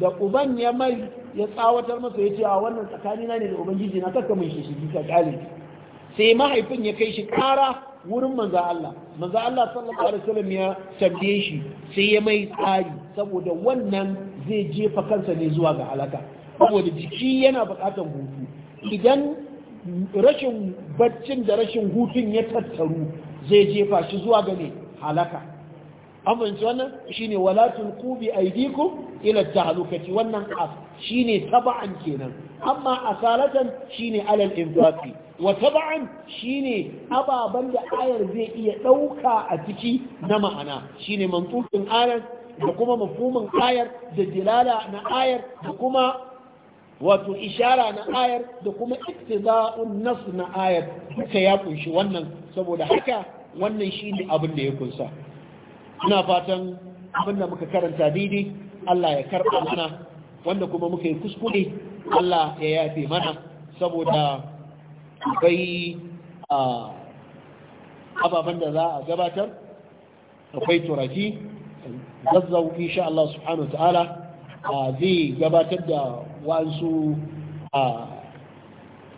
da uban ya mai ya tsawatar masa ya ce a wannan tsakanina ne da ubangiji na kakka mai shi ka kyale sai mahaifin ya kai shi kara wurin manzo Allah manzo Allah sallallahu alaihi wasallam ya tambaye shi sai ya mai tsari saboda wannan zai jefa kansa ne zuwa ga halaka saboda jiki yana buƙatar hutu idan rashin baccin da rashin hutun ya tattaru zai jefa shi zuwa ga ne halaka amince wannan shine wala tulqu bi aydikum ila tahlukati wannan as shine kenan amma asalatan shine alal infaqi wa taba'an shine ababan da ayar zai iya dauka a ciki na ma'ana shine mantsukin ayar da kuma mafhumin ayar da dilala na ayar da kuma wato ishara na ayar da kuma iktiza'un nas na ayar duka ya kunshi wannan saboda haka wannan shine abin da ya kunsa ina fatan abin da muka karanta daidai Allah ya karɓa mana wanda kuma muka yi kuskure Allah ya yafe mana saboda bai ababen da za a gabatar akwai turaki zazzau insha Allah subhanahu wa ta'ala zai gabatar da wasu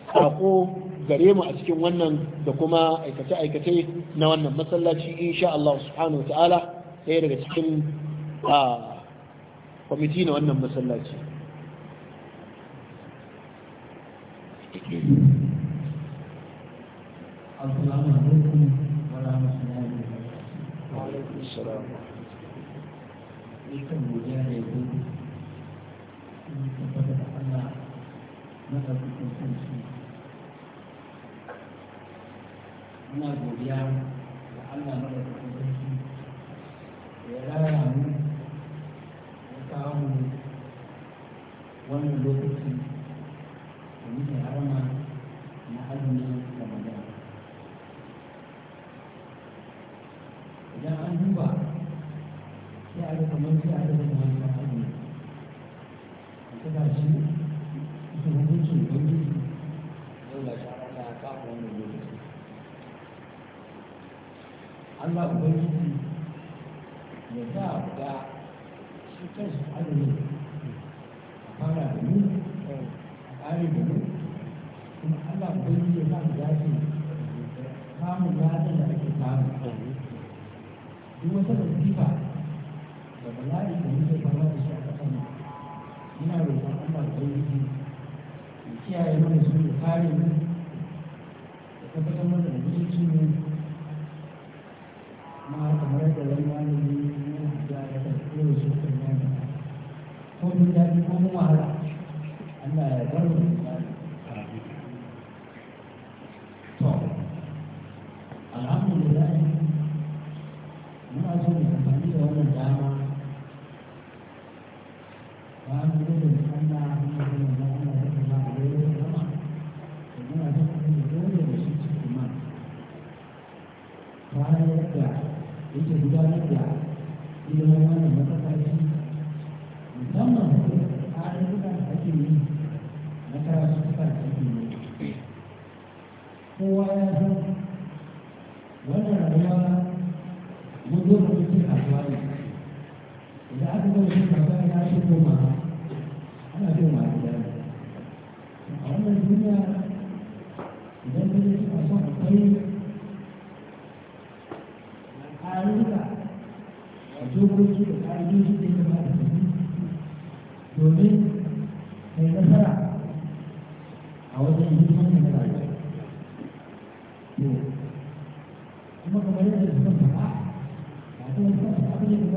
sako gare mu a cikin wannan da kuma aikace-aikace na wannan masallaci insha Allah subhanahu wa ta'ala ɗaya daga cikin kwamiti na wannan masallaci Muna godiya da Allah da ya raya mu nínú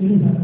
Lima.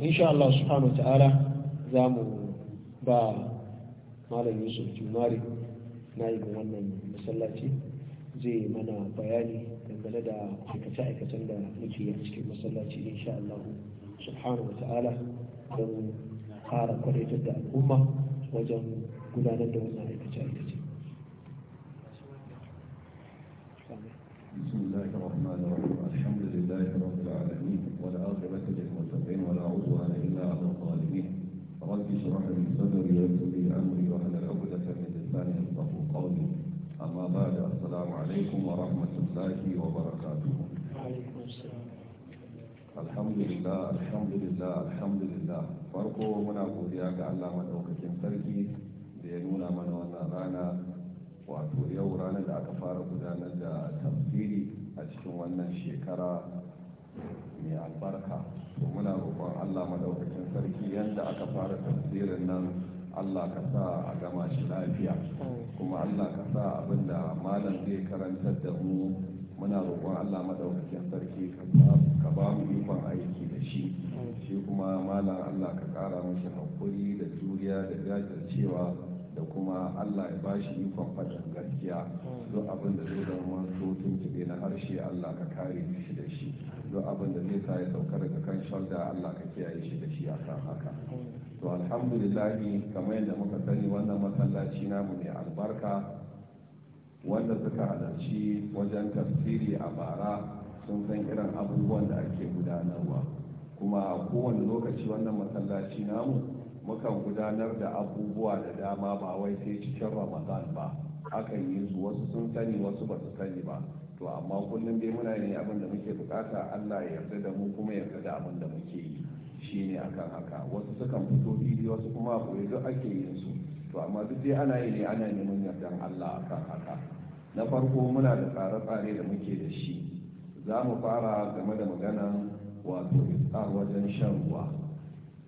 insha Allah subhanahu ta'ala za mu ba malam yusuf jumari na yi wannan masallaci zai mana bayani dangane da aikace-aikacen da muke a cikin masallaci insha Allah subhanahu ta'ala don kara kwadatar da al'umma wajen gudanar da wannan aikace-aikace بسم الله الرحمن الرحيم الحمد لله رب العالمين والعاقبة بعد الظالمين رب اشرح لي صدري ويسر لي امري واحلل عقدة من لساني يفقهوا قولي اما بعد السلام عليكم ورحمة الله وبركاته. وعليكم السلام. الحمد لله الحمد لله الحمد لله farko muna godiya ga Allah madaukakin sarki da ya nuna mana wannan rana wato yau ranar da aka fara gudanar da tafsiri a cikin wannan shekara mai albarka to muna roƙon Allah madaukakin sarki yadda aka fara tafsirin nan Allah ka sa a gama shi lafiya kuma Allah ka sa abin da malam zai karantar da mu muna roƙon Allah madaukakin sarki ka ba mu ikon aiki da shi shi kuma malam Allah ka ƙara mishi hakuri da juriya da jajircewa da kuma Allah ya bashi ikon faɗin gaskiya duk abin da zai zama so tun tuntube na harshe Allah ka kare shi da shi don abin da zai sa ya sauka daga kan shalda Allah ka kiyaye shi da shi a kan haka to alhamdulillah kamar yadda muka sani wannan masallaci namu mai albarka wanda suka halarci wajen tafsiri a bara sun san irin abubuwan da ake gudanarwa kuma a kowane lokaci wannan masallaci namu mukan gudanar da abubuwa da dama ba wai sai cikin ramadan ba akan yi su wasu sun sani wasu ba su sani ba to amma kullum dai muna yin abin da muke bukata Allah ya yarda da mu kuma ya yarda da abin da muke yi shine akan haka wasu sukan fito fili wasu kuma akwai duk ake yin su to amma duk dai ana yi ne ana neman yardan Allah akan haka na farko muna da tsare-tsare da muke da shi za mu fara game da maganan wato iftar wajen shan ruwa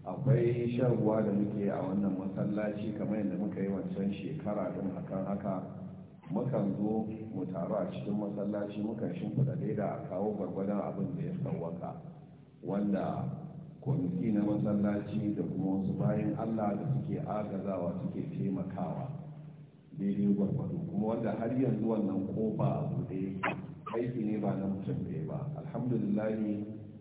akwai shan ruwa da muke a wannan masallaci kamar yadda muka yi wancan shekara don akan haka mukan zo mu taru a cikin masallaci mukan shimfiɗa leda a kawo gwargwadon abin da ya sauwaka wanda kwamiti na masallaci da kuma wasu bayan allah da suke agazawa suke taimakawa daidai gwargwado kuma wanda har yanzu wannan kofa a bude aiki ne ba na mutum ɗaya ba alhamdulillahi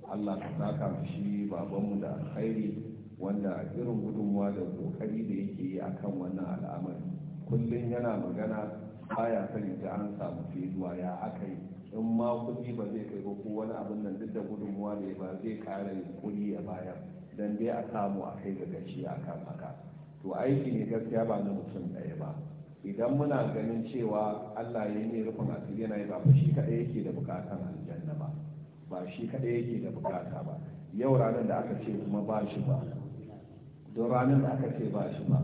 allah ka saka shi babanmu da alkhairi wanda irin gudunmuwa da kokari da yake yi akan wannan al'amari kullum yana magana baya son da an samu zuwa ya aka yi in ma kuɗi ba zai kai ko wani abin nan duk da gudunmuwa ne ba zai kare kudi a baya dan dai a samu a kai da gashi a kan haka to aiki ne gaskiya ba na mutum ɗaya ba idan muna ganin cewa allah ya yi rufin asiri yana yi ba shi kaɗai yake da buƙatan aljanna ba ba shi kaɗai yake da buƙata ba yau ranar da aka ce kuma ba shi ba don ranar da aka ce ba shi ba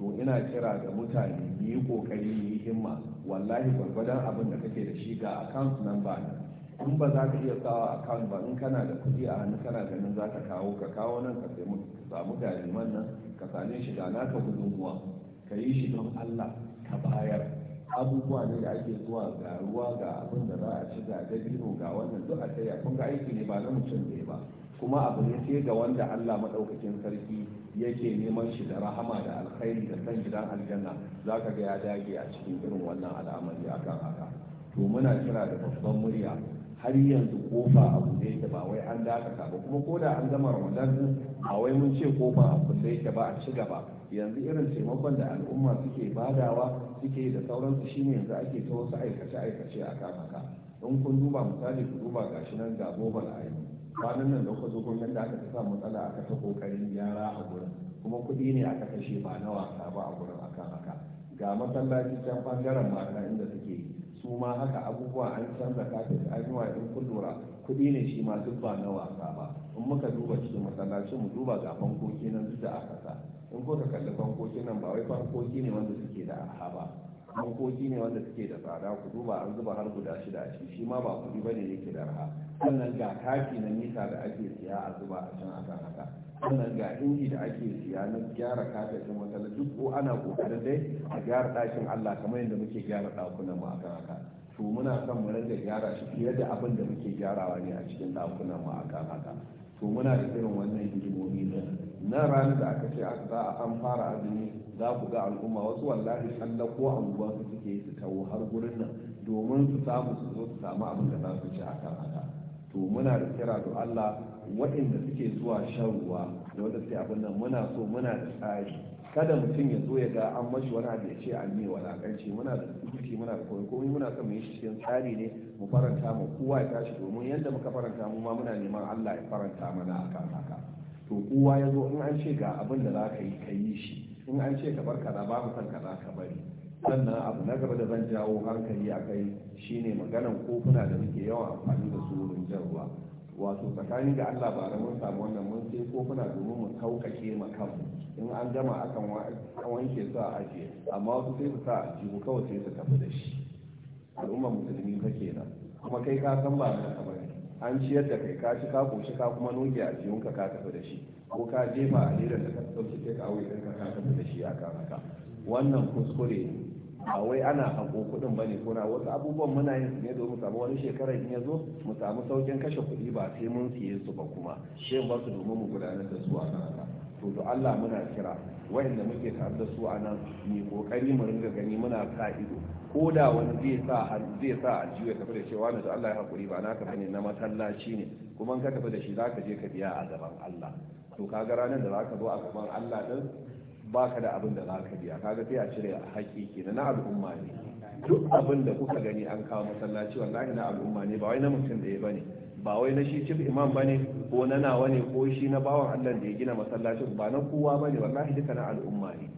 to ina kira ga mutane yi kokari yi himma wallahi gwargwadon abin da kake da shi ga account number in ba za ka iya sawa account ba in kana da kudi a hannu kana ganin za ka kawo ka kawo nan ka sai samu daliban nan ka same shi da naka gudunmuwa ka yi shi don allah ka bayar abubuwa ne da ake zuwa ga ruwa ga abin da za a ci ga dabino ga wannan duk a tsaye kun ga aiki ne ba na mutum ne ba kuma abu ne sai ga wanda Allah madaukakin sarki yake neman shi da rahama da alkhairi da san gidan aljanna zaka ga ya dage a cikin irin wannan al'amari akan haka to muna kira da babban murya har yanzu kofa a buɗe yake ba wai an dakata ba kuma ko da an gama ramadan din a wai mun ce kofa a buɗe yake ba a ci gaba yanzu irin taimakon da al'umma suke badawa suke da sauransu shine yanzu ake ta wasu aikace aikace a kan haka in kun duba misali ku duba gashi nan ga bohol kwanan nan da kuka zo kun da aka sa matsala aka ta kokarin gyara a gurin kuma kuɗi ne aka kashe ba na wasa ba a gurin akan haka ga masallaci can bangaren mata inda suke su ma haka abubuwa an canza kafin ainiwa in kun lura kuɗi ne shi ma duk ba na wasa ba in muka duba cikin masallacin mu duba ga fankoki nan duk da aka sa in kuka kalli fankoki nan ba wai fankoki ne wanda suke da arha ba hankoki ne wanda suke da tsada ku duba an zuba har guda shida a ciki shi ma ba kuɗi ba ne yake da raha sannan ga kaki na nisa da ake siya a zuba a can akan haka sannan ga inji da ake siya na gyara kafin wata duk ko ana kokarin dai a gyara ɗakin Allah kamar yadda muke gyara ɗakunan mu akan haka to muna son mu rinka gyara shi fiye da abin da muke gyarawa ne a cikin ɗakunan mu akan haka to muna da irin wannan hidimomi din na ranar da aka ce za a an fara azumi za ku ga al'umma wasu wallahi Allah ko su suke su tawo har gurin nan domin su samu su zo su samu abin da za su ci a kan haka to muna da kira da Allah waɗanda suke zuwa shan ruwa da wanda suke abin nan muna so muna da tsari kada mutum ya zo ya ga an mashi wani abu ya ce an mai walakanci muna da kuci muna da koyi komai muna so mu yi shi cikin tsari ne mu faranta mu kowa ya tashi domin yadda muka faranta mu ma muna neman Allah ya faranta mana akan haka to kowa ya zo in an ce ga abin da za ka yi ka yi shi in an ce ka bar kaza babu san za ka bari sannan abu na gaba da zan jawo hankali a kai shine maganan kofuna da muke yawan amfani da su wurin jan ruwa wato tsakani da allah ba mun samu wannan mun sai kofuna domin mu kaukake ma kanmu in an gama akan wanke su a ajiye amma wasu sai su sa a jibu kawai sai su tafi da shi al'ummar musulmi fa kenan kuma kai ka san ba kamar an ciyar da kai ka ci ka koshi ka kuma noge a jiyunka ka tafi da shi ko ka jefa a lera da ka ɗauki take away ɗinka ka tafi da shi a kan haka wannan kuskure ne a wai ana hako kuɗin bane ko na wasu abubuwan muna yin su ne domin samu wani shekarar in ya zo mu samu saukin kashe kuɗi ba sai mun siye su ba kuma sai ba su domin mu gudanar da su a kan haka to da Allah muna kira wayanda muke tare da su a nan kokari mu ringa gani muna sa ido ko da wani zai sa har zai sa a jiya tafi da cewa ne da Allah ya hakuri ba naka bane na masallaci ne kuma ka tafi da shi zaka je ka biya a gaban Allah to ka ga ranar da zaka zo a gaban Allah din baka da abin da zaka biya kaga sai a cire haƙi kenan na al'umma ne duk abin da kuka gani an kawo masallaci wallahi na al'umma ne ba wai na mutum da ya bane ba wai na shi cif imam ne ko na nawa ne ko shi na bawan Allah da ya gina masallacin ba na kowa ba ne wallahi duka na al'umma ne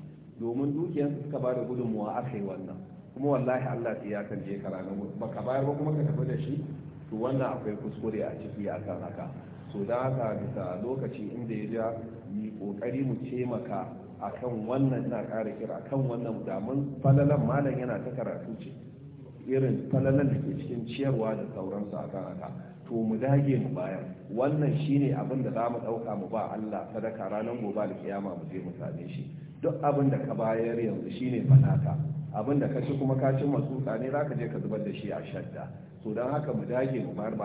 domin dukiyansu suka ba da gudunmuwa aka yi wannan kuma wallahi Allah ya kan je ka ba baka bayar ba kuma ka tafi da shi to wannan akwai kuskure a ciki akan haka so da haka bisa lokaci inda ya ja yi kokari mu taimaka akan wannan na kara kira akan wannan damun falalan malam yana ta karatu ce irin falalan da ke cikin ciyarwa da sauransu a kan haka to mu dage mu bayan wannan shine abin da za mu ɗauka mu ba Allah sadaka ranar gobe da kiyama mu je mu same shi duk abin da ka bayar yanzu shine fanaka abin da ka ci kuma ka ci masu ne za ka je ka zubar da shi a shadda to don haka mu dage mu bayar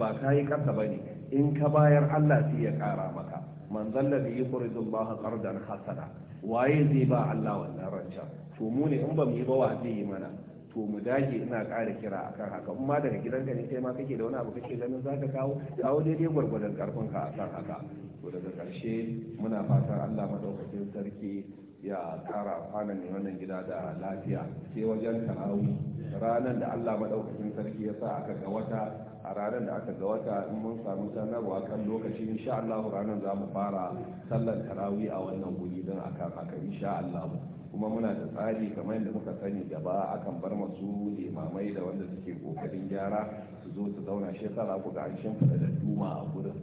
ba ka yi kasa ba ne in ka bayar Allah sai ya ƙara maka man zalla bi yuqridu qardan hasana waye zai ba Allah wannan rancen to mu ne in ba mu yi ba wa zai yi mana to mu dage ina ƙara kira akan haka amma daga gidanka ne kai ma kake da wani abu kake ganin za ka kawo kawo daidai gwargwadon karfin ka kan haka to daga ƙarshe muna fatan Allah maɗaukakin sarki ya ƙara ne wannan gida da lafiya sai wajen tarawi ranar da Allah maɗaukakin sarki ya sa aka ga wata a ranar da aka ga wata in mun samu sanarwa kan lokaci insha allahu ranar za mu fara sallar tarawi a wannan guri don akan haka insha allahu kuma muna da tsari kamar yadda muka sani gaba akan bar masu limamai da wanda suke kokarin gyara su zo su zauna shi yasa ku ga an shimfiɗa da duma a gurin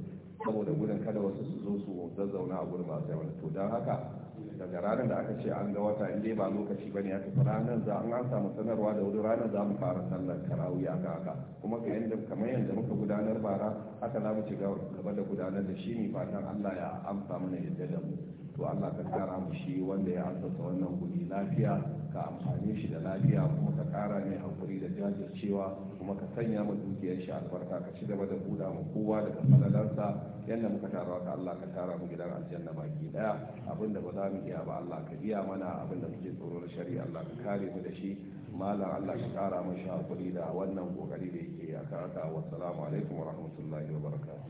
saboda gudun kada wasu su zo su zazzauna a gurin masu yawan to don haka daga ranar da aka ce an ga wata inda ba lokaci bane ya tafi ranar za an samu sanarwa da wuri ranar za mu fara sallar ya ga haka kuma ka kamar yadda muka gudanar bara haka za mu ci gaba da gudanar da shi ne fatan Allah ya amsa mana yadda da mu to Allah ka kara mu shi wanda ya asasa wannan guri lafiya ka amfani shi da lafiya kuma ka kara a hankuri da jajircewa kuma ka sanya mu dukiyar shi albarka ka ci gaba da buɗa mu kowa daga falalarsa yadda muka tara ka Allah ka tara mu gidan aljanna baki daya abinda ba za mu iya ba Allah ka biya mana abinda muke tsoro da shari'a Allah ka kare mu da shi malam Allah ka kara mu shi hankuri da wannan kokari da yake akan haka wassalamu alaikum wa rahmatullahi wa barakatuh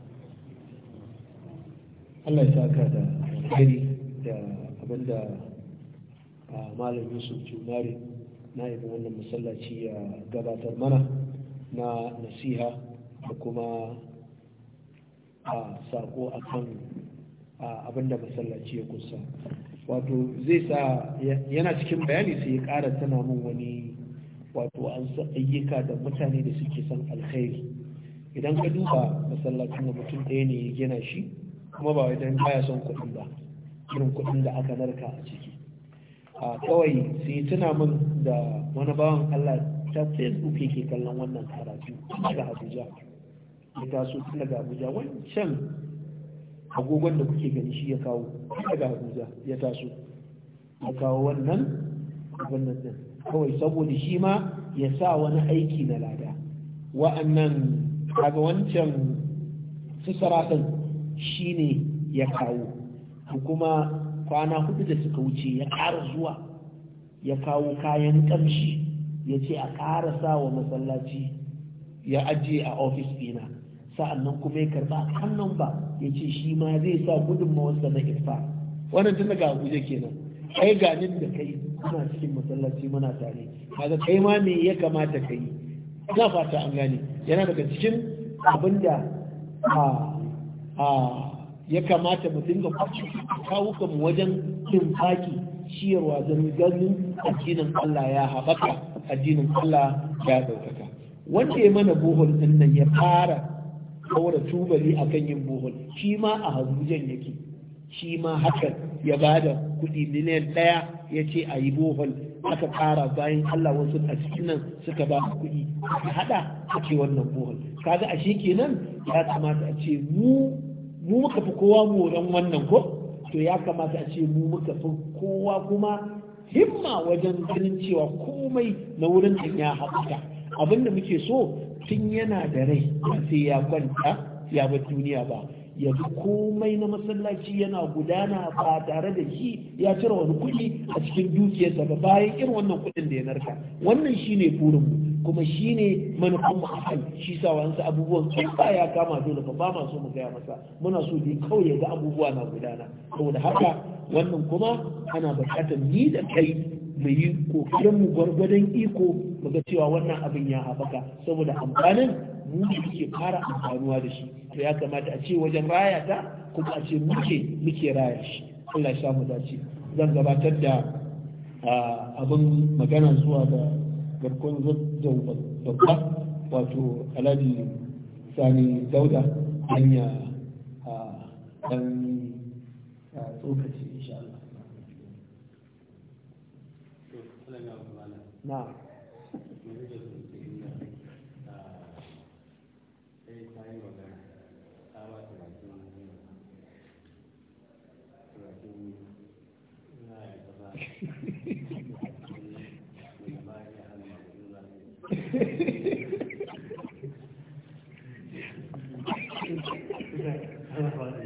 Allah ya saka da alheri da abinda malam yusuf jumari na ibi wannan masallaci ya gabatar mana na nasiha da kuma a sako a kan abinda masallaci ya kusa wato zai sa yana cikin bayani sai ya kara tana min wani wato an ayyuka da mutane da suke son alkhairi idan ka duba masallacin da mutum ɗaya ne ya gina shi kuma ba idan baya son kuɗin ba irin kudin da aka narka a ciki a kawai su yi tuna min da wani bawan Allah ta facebook yake kallon wannan karatu daga Abuja ya taso tun daga Abuja wancan agogon da kuke gani shi ya kawo daga Abuja ya taso ya kawo wannan wannan din kawai saboda shi ma ya sa wani aiki na lada wa'annan kaga wancan su saratan shi ne ya kawo kuma kwana hudu da suka wuce ya ƙara zuwa ya kawo kayan ƙamshi ya ce a ƙara sa wa masallaci ya ajiye a ofis ɗina sa'annan kuma ya karɓa hannun ba ya ce shi ma zai sa mawansa na ifa wannan tun daga abuja kenan kai ganin da kai muna cikin masallaci muna tare kaga kai ma me ya kamata ka yi ina fata an gane yana daga cikin abinda a ah, a ah, ya kamata mu dinga kawo mu wajen infaki ciyarwa don ganin addinin Allah ya haɓaka addinin Allah ya ɗaukaka wanda ya mana buhul ɗin nan ya fara kawar tubali akan yin buhul shi ma a Habuja yake shi ma hakan ya ba da kuɗi miliyan ɗaya ya ce a yi bohol aka ƙara bayan Allah wasu a cikin nan suka ba kuɗi aka haɗa a ce wannan bohol kaga shi kenan ya kamata a ce mu mu muka fi kowa moran wannan ko to ya kamata a ce mu muka fi kowa kuma himma wajen ganin cewa komai na wurin da ya haɓuka da muke so tun yana da rai sai ya kwanta ya bar duniya ba Ya yanzu komai na masallaci yana gudana ba tare da shi ya cire wani kuɗi a cikin dukiyarsa ba bayan irin wannan kuɗin da ya narka wannan shine burinmu kuma shi ne manufan ma'afal shi sa wa'ansu abubuwan ba ya kama dole ba ba masu mu gaya masa muna so dai kawai ga abubuwa na gudana saboda haka wannan kuma ana buƙatar ni da kai mu yi kokarin mu gwargwadon iko mu ga cewa wannan abin ya haɓaka saboda amfanin mu ne fara amfanuwa da shi to ya kamata a ce wajen raya ta kuma a ce muke muke raya shi Allah ya mu dace zan gabatar da ah, abin magana zuwa ga garkon zazzau babba wato alhaji sani dauda hanya a ɗan tsokaci insha Allah. Na'am. Thank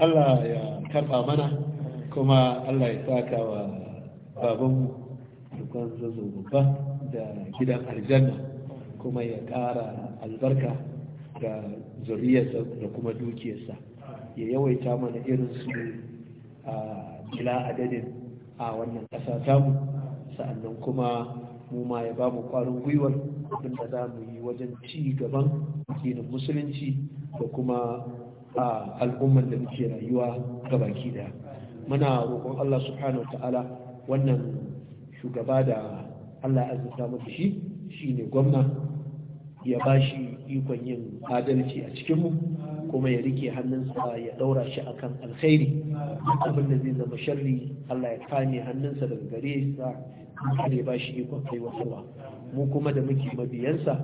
Allah ya karba mana kuma Allah ya saka wa babanmu dukkan zazo babba da gidan aljanna kuma ya ƙara albarka ga zuriyarsa da kuma dukiyarsa ya yawaita mana irin su a bila adadin a wannan ƙasa tamu sa'annan kuma mu ma ya ba mu ƙwarin gwiwar da za mu yi wajen ci gaban addinin musulunci da kuma a al'ummar da muke rayuwa ga baki da muna roƙon Allah subhanahu ta'ala wannan shugaba da Allah ya azurta masa shi shine gwamna ya bashi ikon yin adalci a cikinmu kuma ya rike hannunsa ya ɗaura shi akan alkhairi abin da zai zama sharri Allah ya kame hannunsa daga gare sa ya bashi ikon kaiwatarwa mu kuma da muke mabiyansa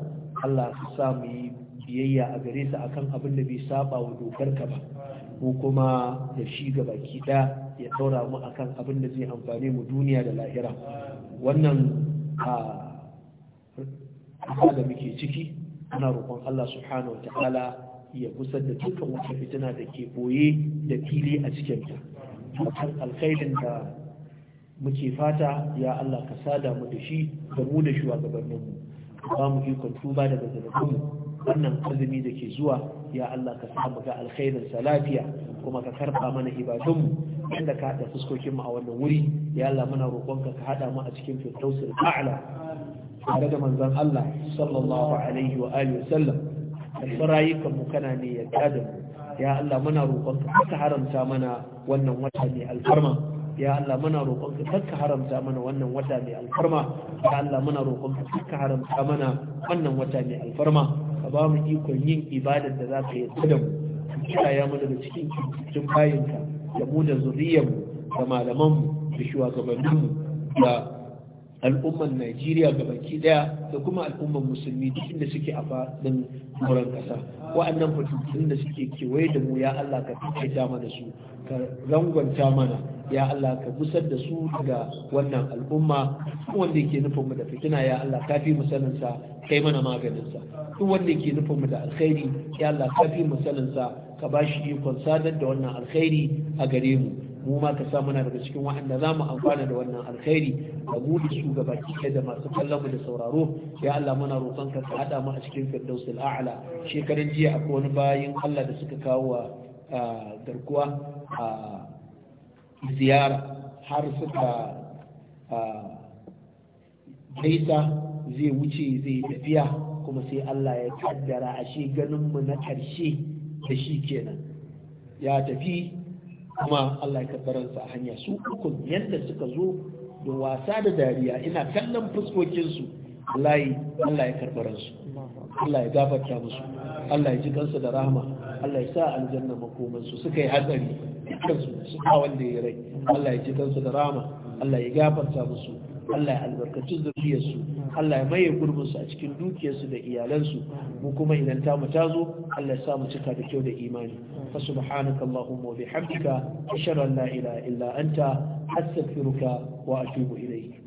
Allah sa mu yi biyayya a gare sa akan abin da bai saba wa dokar ka ba ko kuma da shi ga baki ɗaya ya ɗaura mu akan abin da zai amfane mu duniya da lahira wannan a da muke ciki ana roƙon Allah subhanahu wa ta'ala ya kusa da dukkan wata fitina da ke boye da fili a cikin ta dukkan alkhairin da muke fata ya Allah ka sada mu da shi da mu da shugabanninmu ba mu ikon tuba daga zanabinmu wannan azumi da ke zuwa ya Allah ka sa ga alkhairin sa lafiya kuma ka karba mana ibadunmu inda ka hada fuskokinmu a wannan wuri ya Allah muna roƙonka ka haɗa mu a cikin firdausul a'la tare da manzon Allah sallallahu alaihi wa alihi wasallam rayukan mu kana ne ya da mu ya Allah muna roƙonka ka haramta mana wannan wata ne alfarma ya Allah muna roƙonka kar ka haramta mana wannan wata mai alfarma ya Allah muna roƙonka kar ka haramta mana wannan wata mai alfarma ka ba mu ikon yin ibadar da za ka yi da mu kiyaye mu daga cikin cikin bayinka da mu da zuriyarmu da malamanmu da shugabanninmu da al'ummar Najeriya ga baki daya da kuma al'ummar musulmi duk inda suke a faɗin kuran ƙasa wa'annan fitattun da suke kewaye da mu ya Allah ka taƙaita mana su ka rangwanta mana ya Allah ka gusar da su daga wannan al'umma duk wanda yake nufin mu da fitina ya Allah ka fi musanin sa kai mana maganin sa duk wanda yake nufin mu da alkhairi ya Allah ka fi musanin sa ka bashi ikon sadar da wannan alkhairi a gare mu mu ma ka sa muna daga cikin waɗanda za mu amfana da wannan alkhairi a buɗe su ga baki da masu kallon mu da sauraro ya Allah muna roƙon ka haɗa mu a cikin firdausul a'la shekaran jiya akwai wani bayin Allah da suka kawo garkuwa a ziyara har suka gaisa zai wuce zai tafiya kuma sai Allah ya kaddara ashe ganin mu na ƙarshe da shi kenan ya tafi kuma Allah ya karɓaransa a hanya su uku yadda suka zo da wasa da dariya ina kallon fuskokinsu wallahi Allah ya karɓaransu Allah ya gafarta musu Allah ya ji kansa da rahama Allah ya sa aljanna makomansu suka yi hatsari kansu su ba wanda ya rai Allah ya ji kansu da rahama Allah ya gafarta musu Allah ya albarkaci zuriyarsu Allah ya maye gurbinsu a cikin dukiyarsu da iyalansu mu kuma idan ta mu tazo Allah ya sa mu cika da kyau da imani fa subhanaka allahumma wa bihamdika ashhadu an la ilaha illa anta astaghfiruka wa atubu ilayk